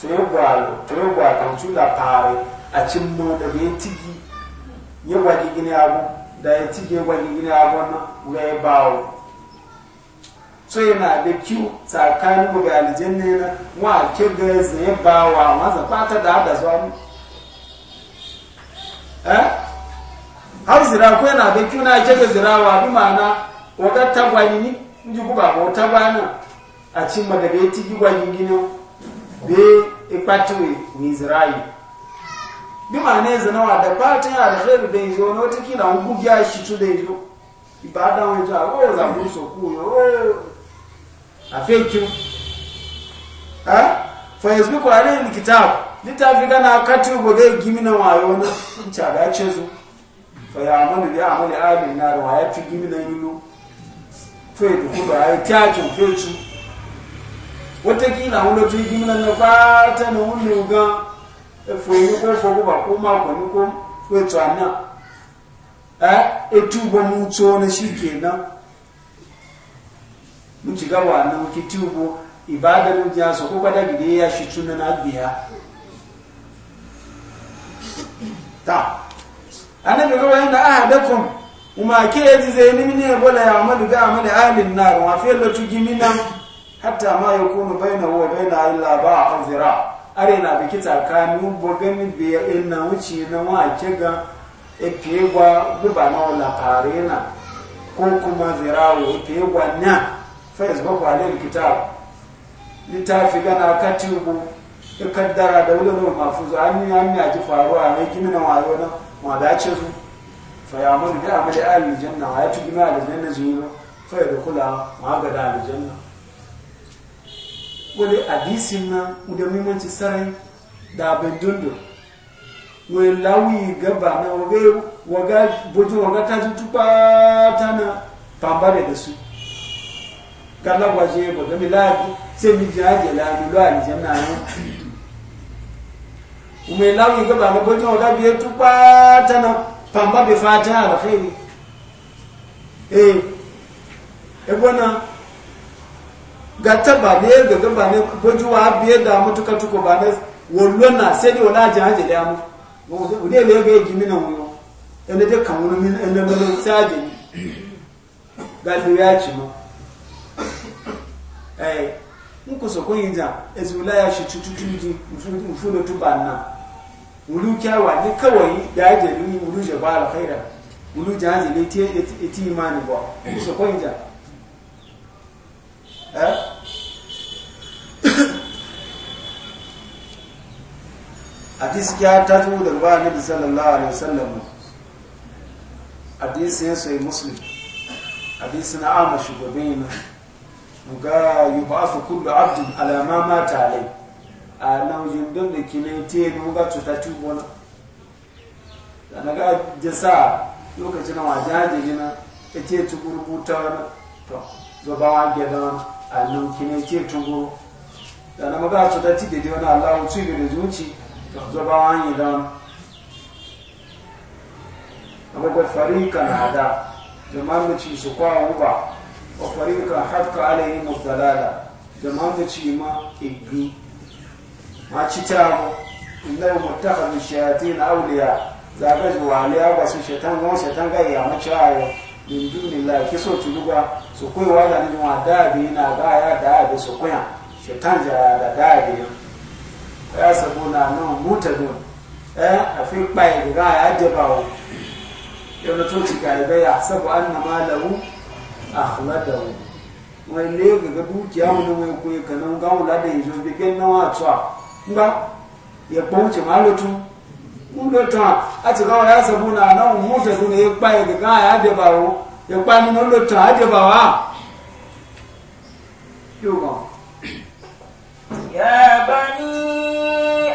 to ya gwalo to a cin mu da ya tigi ya wani gini abu da ya e tigi ya e wani gini na ga ya e bawo so yana da ga aljanna yana wa ke ga zai bawa maza fata da hada zuwa mu eh har zira ko yana da na ke ga zirawa bi ma'ana wa ga tagwani ni ji ba a cin be ikpatiwe wizirayi bi ma ne na da kwatin alkhairu da yizo na wata kila an gugya shi tu da yizo ibada wa ja o za mu so ku yo a ha fa yasbiku alayhi alkitab litafi katu gobe obodo wayo na cha da ce su fa ya amoni bi amoni ahli nar ya fi gimina watakila wani tuyi gimna na kwata na wani ga efoyi ko fogo ba ko ma ko ni ko ko to ana eh etu bo mu to ibada mu ja so ko kada gide shi tunna na gbiya. ta annabi ga wani da ahadakum kuma ke yaji zai ni ne bola ya amadu ga amadu ahlin nar wa fi latu giminan hatta ma ya kuma baina wa baina illa ba a zira are na biki tsakanin bogani biya ina wuce na wa ke ga gwa guba na wala na? ko kuma zira wa? zirawo gwa na facebook alil kitab littafi gana e katibu ikaddara da mafi zuwa an yi an yi aji faruwa ne gini na wayo na ma ce su fa ya mun bi na, wa ya tugi zai aljanna zuwa fa ya kula ma ga alijanna wale hadisin na da muhimmanci sarai da abin dundu wai lawi gaba na waga bojo waga ta ji tuba ta na fambare da su kala waje ba ga miladi sai mi jaje la mi lo lawi gaba na bojo waga biye tuba ta na famba fata alkhairi eh e gata ba ne ga ga ba ne gojuwa biye da mutuka tuko ba na wollo na sai ni wala ji haje da mu mu ne le ga gimi na mu ene de kan mu min ene mu saje ga lu ya ci mu eh mu ko so ko yinja ezula ya shi tututuji mu fulo tu banna mulu kyawa ni kawai da je ni mulu je ba alkhaira mulu jahazi ne ti ti imani ba so ko yinja Eh? hadis ya da ruwa ne da sallallahu alaihi wasallam hadis ya sai muslim hadis na ga yi ba su kullu abdu alama ma tare a nan yundun da kine te ne cuta ci tubona da na naga jasa lokacin jirgin na ta ce tukurbuta to zo ba wa gidan annan kine ke tungo da na maga to da tide da wani Allah wuce da zuci to zaba wani dan amma ga farika na da jama'an da ci su kwa uba wa farika hakka alaihi mudallala jama'an da ci ma igi ma ci ta mu? inna muttakhadhu shayatin awliya zaga waliya ba su shatan shaitan shatan shaitan ga ya mu ciwo min dunillahi kiso tuluba sokoyi wa da nijin wa daabi na ga ya daabi sokoya shaitan ja da daabi ya ya sabu na nan muta don eh a fi kpai ga ya jaba wa yana to ci ga ga ya sabo anna malahu akhladahu wai le ga ga dukiya mu ne wai koyi kanan ga wala da yizo bi ken na wa twa ba ya bauce malotu mun da ta a ci ga ya sabo na nan muta don ya kpai ga ya jaba wa yọpa ni wọn lò tàn يا بني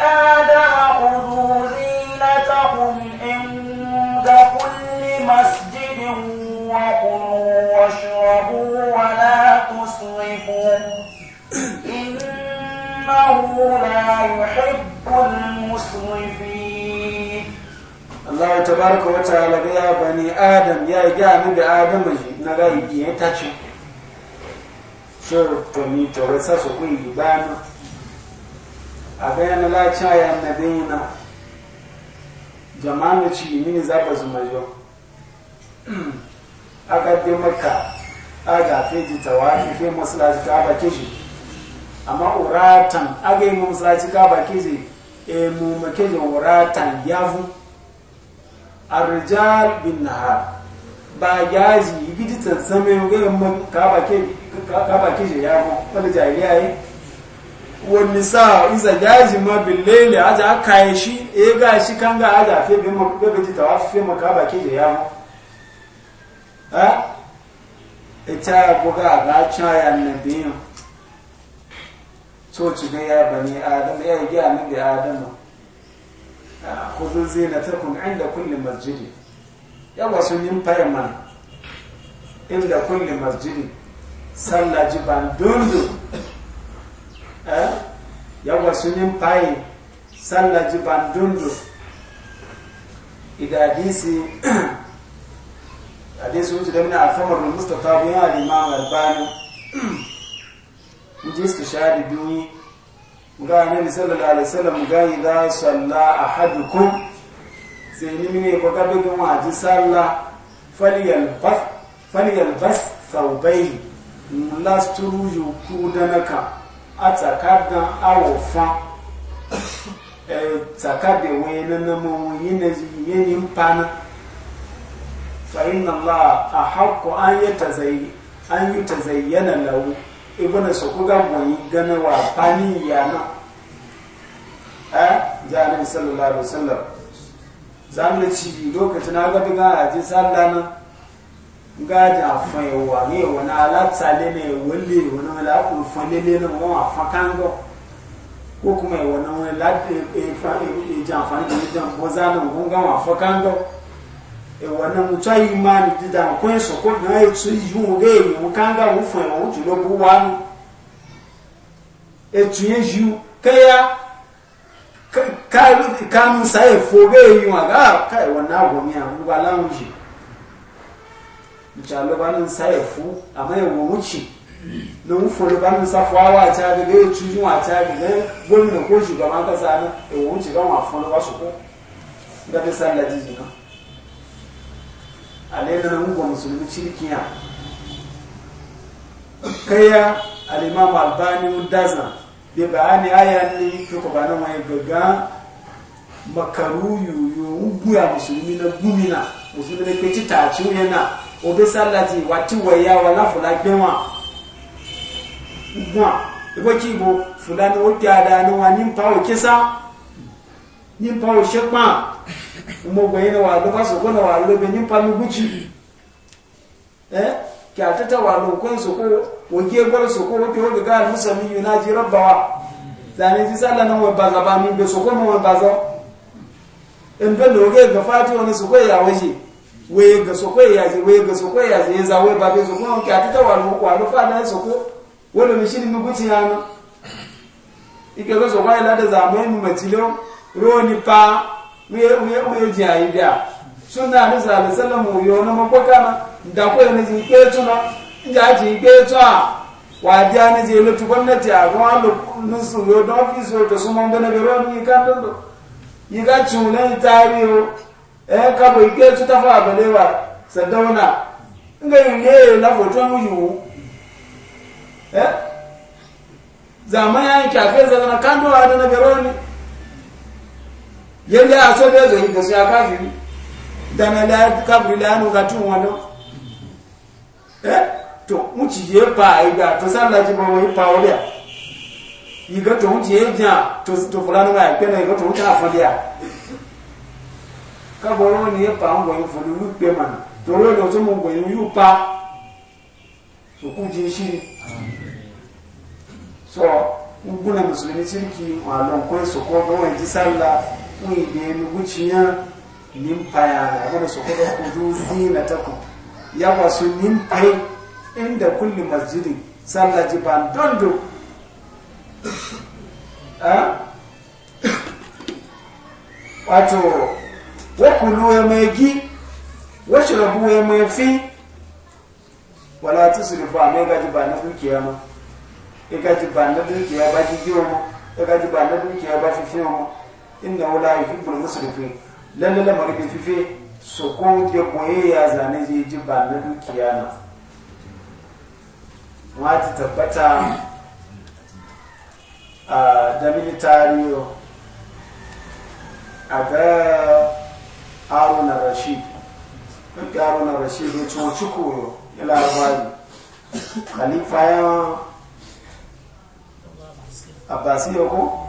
آدم خذوا زينتكم عند كل مسجد وكلوا واشربوا ولا تسرفوا إنه لا يحب المسرفين Allah ta baraka wata halaga ya bani Adam ya yi min da Adam shi na ga yi ta ce so to ni to wasa su ku yi bana a ga yana la cha ya nabina jama'an ci mini za ba su majo aka de maka ga feji tawafi fe masallaci ta ba shi amma uratan ga yi masallaci ka ba kishi e mu makeje uratan yavu arjal bin nahar ba yi gidi tsatsame zama yau, ka kaba ke ka ba ke ya mu wala jahiliya yi wani sa isa yaji ma bil layli aja yi shi e ga shi kan ga aja fi bin ma, be ji fi ma ka ba ke ya mu ha ita buga ga na biyu so ci ga ya bani adam ya ga nabi adam khudhu zinatakum inda kulli masjid yawa sun yin fayama inda kulli masjid sallaji ban dundu eh yawa sun yin fayi sallaji ban dundu idan hadisi hadisi wuce da muna alfamar mustafa bin al-imam al-albani mun biyu ga annabi sallallahu alaihi wasallam ga idza salla ahadukum sai ni ne ko kabe ko ma ji salla falyalbas falyalbas thawbai lasturu yuku danaka atakada awofa e takade wena na mu yina yini mpana fa inna allaha ahaqqu an yatazayyana an yatazayyana lahu ibana su kuga boyi gana wa fani yana eh ja annabi sallallahu alaihi wasallam zamu ci lokacin na ga daga haji sallah na ga ja fayewa ne wani alatsa ne ne wale wani alakun falele na mawa fakango ko kuma wani wani latin e fa e jan fani da jan bozana ngunga wa fakango wannan mutuwa imani dida akwai soko na ya yiwu e e ga eyi mukanga wufu ya wuju lo wani etu ye yiwu kaya kanu sa efo ga eyi wa ga kai wannan agwami a ruba lawun ji mutuwa lo ba nun sa efo amma ya e wo wuce na wufu yiwu a ta ga gwamna ko shugaban kasa na ewu wuce fo lo ba alaina na ngwa musulmi cirkiya kaya al-imam albani dazna bi de aya ni ko ko bana mai gaga makaru yuyu ugu ya musulmi na gumina musulmi na keti ta ci yana obe sallati wati waya wala fula gbewa ugwa ibo ki bo fulani o ti ada no wa nim o kesa nyimpa ohye kpa umugwenyi na walo basoko na walo be nyimpa miguchi eh ki atata walo kwen soko wogie gwala soko wote wote gani musa mi yunaji rabbawa zane zisala na webaza ba mi be soko mo webaza embe loge gafati wani soko ya waje soko ya soko ya fa na soko mu roni pa muyo ji ayi biya suna da salisala mu yo na makwaka na da kuwa na ji ikpe tu na ja ji ikpe tu a wa di na ji lutu gwamnati a ruwa lusu yo don ofisu yo to su mọ bene bero ni ka dondo yi ka tun ne tari yo e ka bo ikpe tu ta fa abele wa sadauna nga yi ne na la foto mu yu eh zaman ya ki akai zana kan do adana bero ni yadda a so bai zoyi gaskiya kafiri da na da kafiri da hannu ga tun wani eh to muci je pa yi ga to sallah ji ba wai pa wadiya yi ga to muci je ja to to fulano ga ke yi ga to ta fadiya ka boro ni e pa ngo yi fulu lu pe man to lo lo to mo ngo yi pa so ku je shi so nguna musulmi sirki wa lon ko so ko ga wai ji kuyi da ya wuciya nimpaya da wadda su kuka kudu zina ta ku ya wasu nimpai inda kulli masjidin sallaji ban dondo ah? wato wakulu ya mai gi washirabu ya mai fi wala tusrifu amma ya gaji ba na dukiya ma ya gaji ba na dukiya ba ji ma ya gaji ba na dukiya ba fi ma inna wala yuhibbul musrifin lalle da marbi fife su ko ya koye ya zane je ji ba na dukiya na wata tabbata a da militariyo a ga aruna rashid duk aruna rashid ya ci wacce koyo ya labari khalifa ya ko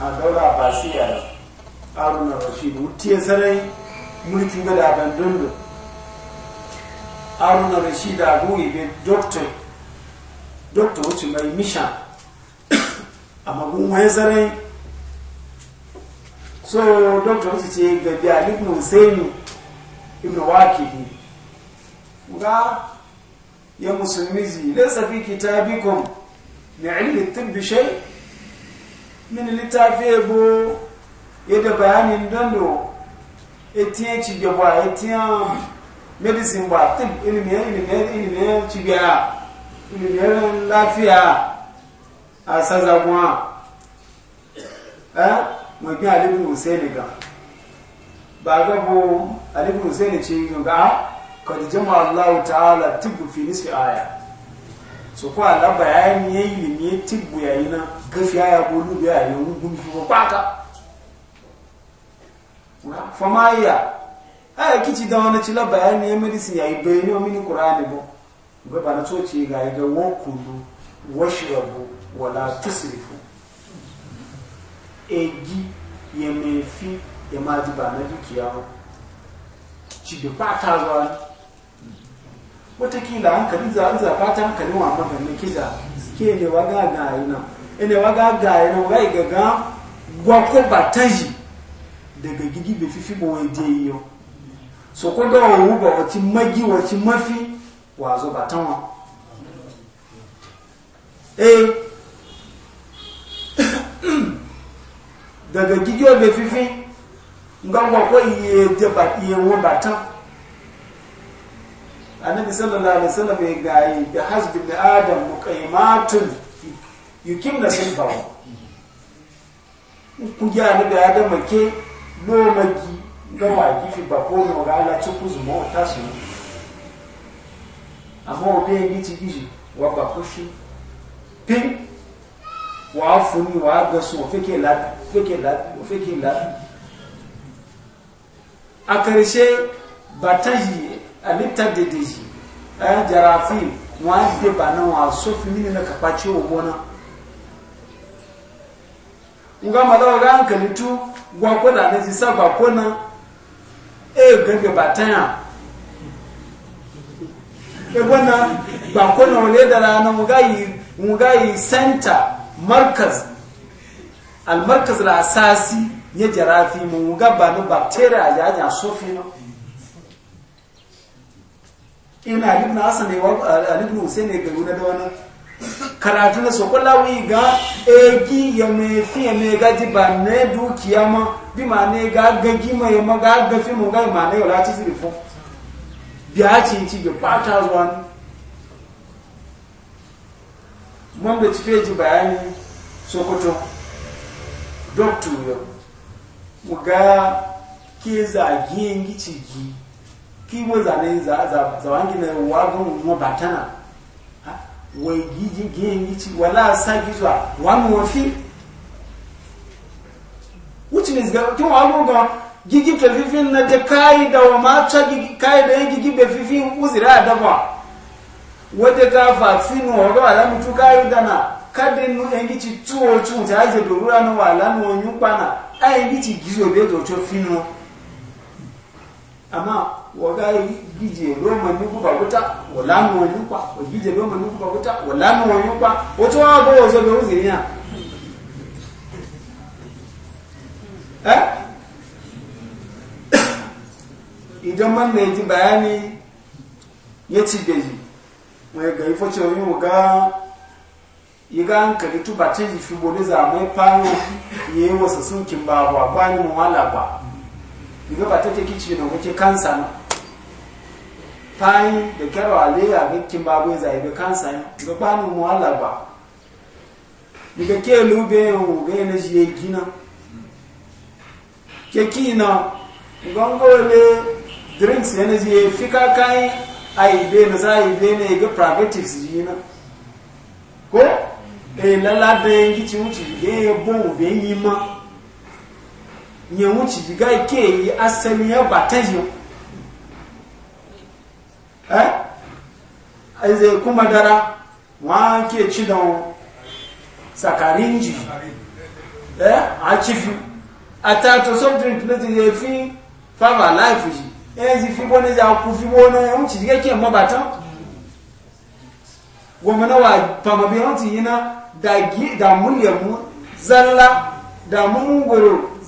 a daura ba abbasiya da haruna rashidu mutiye sarai mulkin gada ban dondo haruna rashidu abu ibe doctor doctor wuce mai misha, amma gun wani sarai so doctor wuce ce gabi alibin husaini ibn wakili ga ya musulmi zai lasa fi kitabikum na ilmi tun bishai? mini littafi ebo yadda bayanin dando etiye cibiyar ba etiye medicine ba tip ilimiyar ilimiyar ilimiyar cibiya ilimiyar lafiya a sazamuwa eh mafi alibin hussaini ga ba gabo alibin hussaini ce ga kadijin allah ta'ala tibu fi aya so ala bayani ya ilimi ya tibbu ya yi na ya golu biya ya yi gugun fi ba kwata fama iya aya kici da wani cila bayani ya medisi ya yi bayani wa mini kurani bo ga ba na coci ga ya ga wakudu washirabu wala tusrifu egi ya fi, ya ma ba na dukiya ba ci bi kwata zuwa watakila hankali za a zafa hankali wa ne kija ke ne wa gagaye nan ene wa gagaye nan wa igaga gwakwa bataji daga gidi bai fifi ba wai je yo, so ko ga wu ba wati magi wati mafi wa zo batan wa eh daga gidi bai fifi ngangwa ko iye je ba iye wo batan annabi sallallahu alaihi wasallam ya gayi da hasbi da adam muqaymatun sun sunfahu ku ya annabi adam ke no magi ga waki fi ba ko no ga ala tuku zumo ta su amma obe ni ti ji wa ba shi pin wa funi wa ga so fike la fike la fike la a karshe bataji halittar da a shi ɗaya jarafi wadda ba wa so fi mini na kafa ciwo gona nga malawa ga hankali tu gwakwa da na jisa gwakwa na e gaga ba ta ya e gwana gwakwa na wale da rana muga yi senta markaz almarkaz la asasi ya jarafi mu muga ba na bakteriya ya ya sofi na ina Ali na Hassan ne wa Ali ibn Hussein ne garu na da wani karatu na sokon lawi ga egi ya me fi ya me ga jiba ne dukiya ma bi ma ne ga gagi ma ya ma ga gafi mu ga ma ne ya lati su rifo biya ci ci ga pata zuwa mun da ci feji bayani sokoto doctor yo mu ga ke zagi ngi ci gi kibo zane za wangi na wagon mo batana wai giji gengi ci wala sa gizwa wamu wafi wuce ne zga kin wagon ga gigi fefifin na da kai da wa mata gigi kai da gigi fefifin uzira da ba wadda ka vaccine wa ga alamu tu kai da na kadin nu engi ci tuwo tun ta je dorura na la nu onyun pana a engi ci gizo be do to finu amma wagayi gije loma nyuku bakuta walamu wanyukwa wagije loma nyuku bakuta walamu wanyukwa woto wabo wozo bewuzinya eh idan man ne ji bayani ya ci beji mai ga ifo ce wani ga yi ga hankali tuba ce ji fi bode zamai fano ya yi wasa sunkin ba ba kwani mawala ba yi ga ba ta take kici na wuce kansa na pai da kyaro aleya ga kin babu zai be kansa ga bani mu Allah ba diga ke lube o ga ne shi ye kina ke kina gongo drinks ne shi ye fika kai ai be na sai be ne ga privatives na. ko e lala be ngi ti mutu ge bo be yima nyewu ti ga ke yi asali ya batajo eh ai zai kuma dara wa ke ci da sakarinji eh a cifi a ta to drink na ti fi fava life ji eh zi fi bone za ku fi bone un ci ga ke ma batan goma na wa pama bi on ti da gi da mun zalla da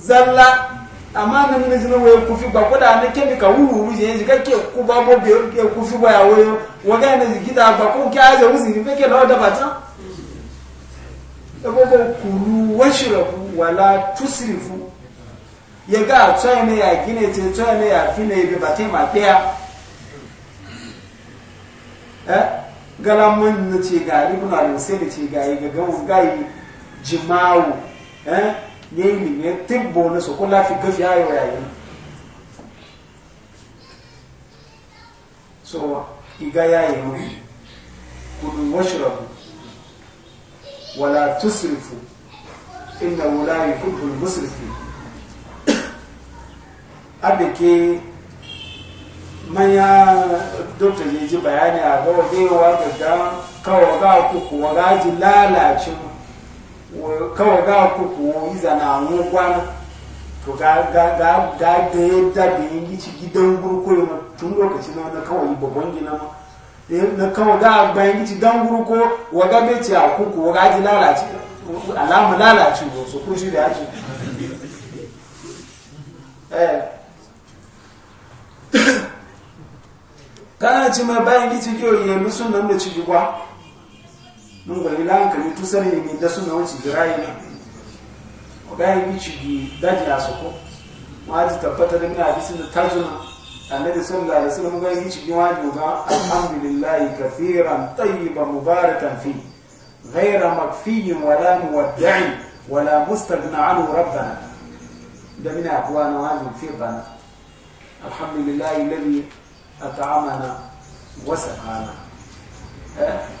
zalla amma nan na zina kufi ba ko da na kemi ka wuru wuru je ga ke ku ba bo be ke kufi ba ya wayo waga na zigida ba ko ka aje wuzi ni ke lawa da bata da ko ko kulu washrabu wala tusrifu ye ga tsaye ne ya kine ce tsaye ne ya fine be bate ma kiya eh gala mun ne ce ga ibn al-sayyid ce ga ga gawo gayi eh ye ili ye tebbo na soko lafi gafi ayo ya yi so iga ya yi mu kudu washrabu wala Ina innahu yi yuhibbu al-musrifin ke manya dokta ne ji bayani a ga wajewa da kawo ga kuku wa gaji lalacin kawo ga kuku iza na anwụ gwana to ga da yadda da yin gici gidan gurkuri na tun lokaci e. [coughs] na kawai babban gina ma na kawo ga bayan gici dan gurko waga bece a kuku waga ji lalace alamu lalace ba su kushi da yaki kana ci mai bayan gici kiyo yi musun nan da ciki kwa mun gari lankali tu sani ne da suna wani jirai ne ko ga yi ci gi daji a soko ma ji tabbata da ina bisin da tarjuma annabi sallallahu alaihi wasallam ga yi ci gi wa ji ga alhamdulillah kaseeran tayyiban mubarakan fi ghayra makfiyin wa la wala wa na mustaghna anhu rabbana da mina kuwa na wani fi bana alhamdulillah alladhi at'amana wa sahana eh?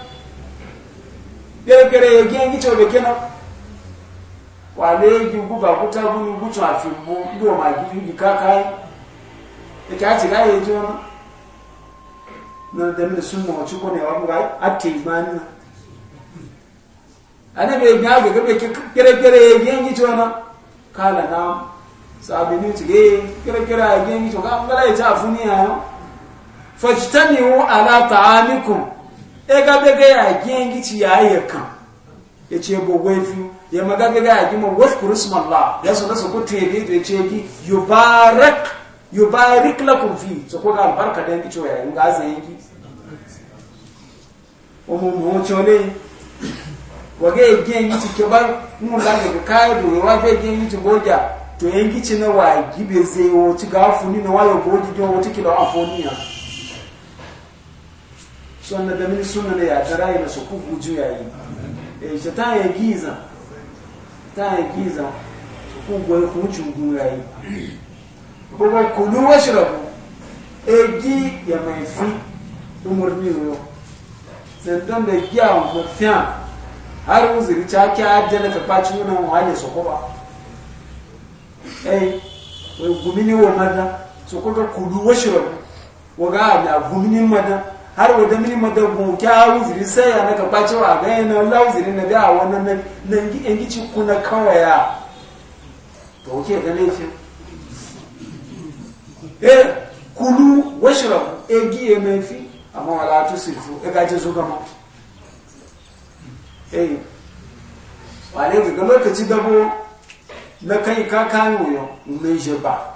gẹ́gẹ́rẹ́ yẹ gẹ́ gítsọ̀ bẹ̀ kẹ́nà wà lé gbogbo bàkútà gbogbo gbútsọ̀ àfihàn bí wọ́n máa gbé yìí káká àti láyé tó wọn nínú dẹ́mi ní súnmọ́ ní ẹ̀wọ́n àti ìgbà ní wọn. àdébẹ̀ na gbẹ́ àgbẹ̀ gẹ́gẹ́ gẹ́gẹ́rẹ́ yẹ gẹ́ gítsọ̀ kálà náà sàbẹ̀ ní ti gẹ́ gẹ́gẹ́rẹ́ ya gẹ́ gítsọ̀ káfíńkálà ega bega ya gengi ci ya yi kan ya ce bo gwefi ya maga bega ya gima wasu kurisman la ya so nasa kutu ya gefe ya ce gi yubarak yubarik la kunfi so ko ga albarka da yanki cewa ya yi ga zai yanki omo mo chole wage gengi ci ke bar mu la ga kai do wa be gengi ci boja to yanki ci na wa gibe zai wo ga funi na wa yo boji do wo ci kilo afoni sunna da min sunna ne ya tara yana su kufu juya yi eh ta ya giza ta ya giza su kufu ya kuci guya yi ko ba kulu washrabu egi ya mai fi umurni yo sandan da giya mu fiya har uzuri ta ki ajjala ta faci mun wale su ko ba eh wai gumini wa mada su ko ka kulu washrabu waga da gumini mada har wadda mini mada gokya wuziri sai ya na gaba cewa a ganye na la na biya wannan na nan yan gici kuna kawaya to ke ga laifin eh kulu washrab e eh, giye mai fi amma wala to sirfu e gaje zo gama eh wale ga lokaci dabo na kai ka kayo yo mai je ba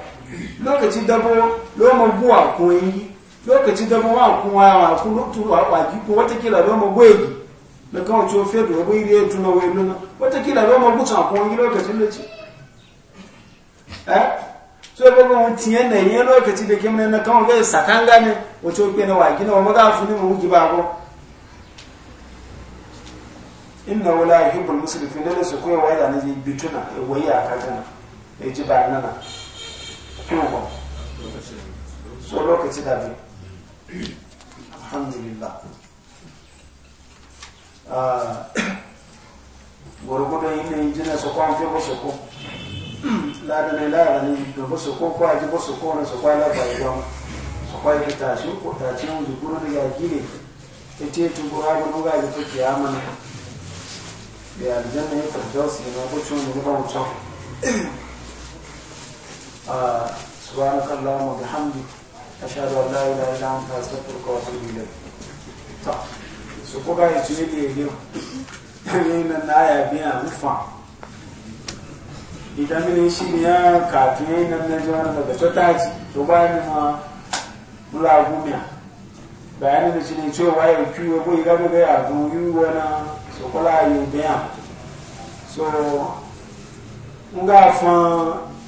lokaci dabo lo man buwa ko yi lokaci da mawa kuma wa kunutu wa waki ko watakila roma gwegi na kawo ciwo fedo ya bai riye tuna wai nuna watakila roma bucan kuma wani lokacin da ci eh so ba ba mutum yana yin lokaci da kim na kawo gai sakan gane wace oke na waki na wani gafu ne mu wuki ba ko inna wala yuhibbul musrifin lalle su koyi wa yana ji bituna ya wayi a katana ya ji ba nana kuma so lokaci da alhamdulillah ah, gwargwadon yanayin jina su kwan fi ba su ko ladanai ladanai da ba su ko kwa ji ba su ko na su kwa labarai ba su kwa yi tashi ko tashi yanzu guru da yaki ne ta ce tubu ha gudu ga yi take ya mana da aljanna ya fardausi na bucin wani ba mutum subhanakallahumma bihamdika أشهد أن لا إله إلا أنت أستغفرك وأتوب إليك سكوكا يتشيلي اليوم من الآية بها مفع idan mini shi ne ya kafin yayin nan na jiwa daga ta taji to bayan ma mula gumiya bayanin da shi ne cewa ya kiwo ko iga daga ya goyi wani yi biya so nga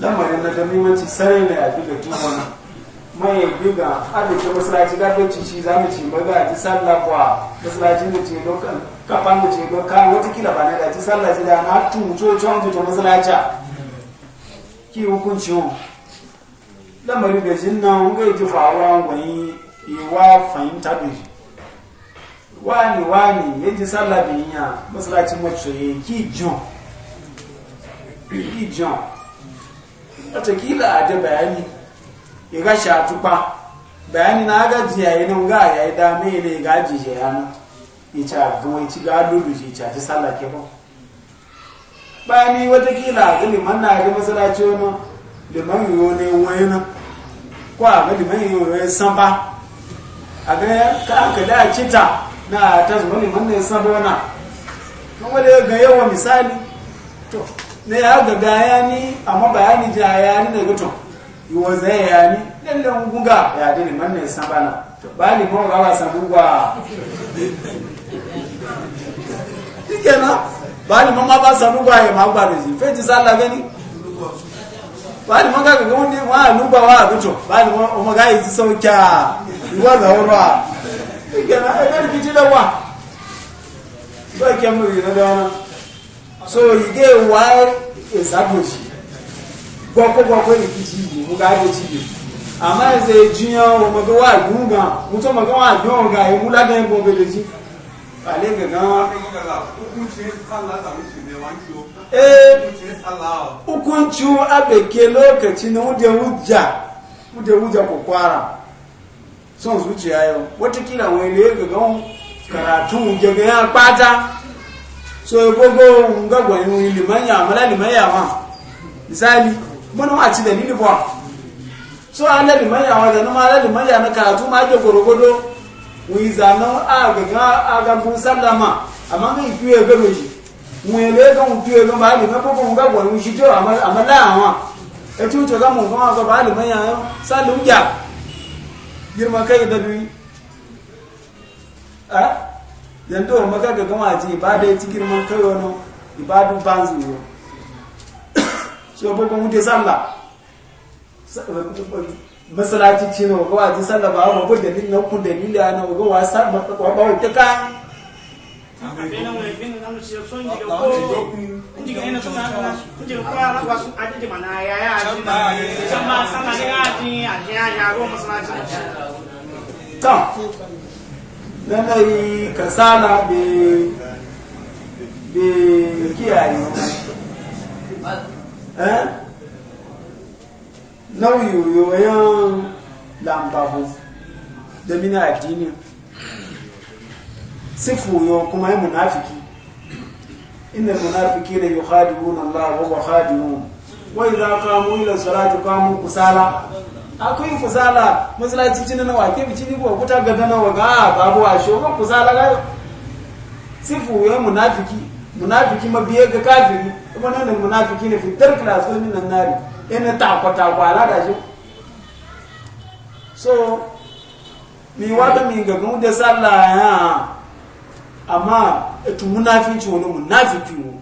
lamarin na da muhimmanci sarai na yafi da tumana mai yabi ga abinci masalaci gadoci shi za mu ci maza a ji sallah kuwa masalaci da ce don kafan da ce don kawo watakila ba na da ci sallah ci da na tuto can tuto masalaci ki hukunci wu lamarin da jin nan ga ji faruwa wani iwa fahimta da shi wani wani ya ji sallah da yiya masalacin mace ki jin religion watakila a da bayani ya ga shatupa bayani na aga jiyayi nan ga ya yi dame ne ga jiye yana ita gawai ci ga lulu ji ita ta sallake ba bayani watakila a liman na ga masalaci wani liman yiwu ne wani nan ko a ga liman yiwu ne san ba a ga ka aka da cita na ta zuwa liman ne san ba wana kan ga yawa misali to na ya ga bayani amma bayani ji ayani ne gutu ya zai yani lallan guga ya dini manne san bana to bali mo ga wasa guga ba san guga ya ma gba rezi fe ti sala gani bali mo ga ga wonde wa lu ba wa gutu ga yi ti sauka yiwo da wura dikena ai ga ki ji lawa ba kemu yi na da wannan so ige wa esaboji gbọ́kọ́ gbọ́kọ́ ìkìtì yìí mú gáàbò tí yìí àmá ẹ̀sẹ̀ ìjìyàn ọmọdé wà gún mú tó mọ̀gán wà gbọ́n ọ̀gá ìmú ládẹ́ ẹ̀gbọ́n bèbè tí alẹ́ gẹ̀gán wá. Eh, ee hukunci abeke lokaci na wuje wuja wuje wuja kwakwara son zuciya yau ya kpata so gogo ngagwa yin limanya mala limanya ma misali mun wa ci dalili ba so ala limanya wa da ma ala limanya na karatu ma ke gorogodo wi zano a ga ga a ga kun sallama amma ga ifiye ga roji mun le ga mun fiye ga ba ni na gogo ngagwa yin shi jo amma amma la ha mun ga ba kai a yanzu wani maka ga gama ji ibada ya ci girman kai wani ibadu ban zuwa shi wa bugun wuce salla masalaci ce na wagawa ji salla ba wa bugun dalil na dalil ya na wagawa sallah wa ba wata kika Tọ́. nana kasala be be kiyaye eh nauyi yoyon lambabu da mina addini sifu yo kuma yi munafiki inna munafiki da yi khadibun Allah wa khadibun wa idza qamu ila salati qamu kusala akwai fusala masalaci cin na wake bici ni ko kuta ah, ga dana waga babu a shogo fusala ga sifu ya munafiki munafiki mabiye ga kafiri kuma nan da munafiki ne fitar klasu min nan nari yana takwa takwa ala da shi so mi wata mi ga gudu sallah ya amma etu munafici wani munafiki wani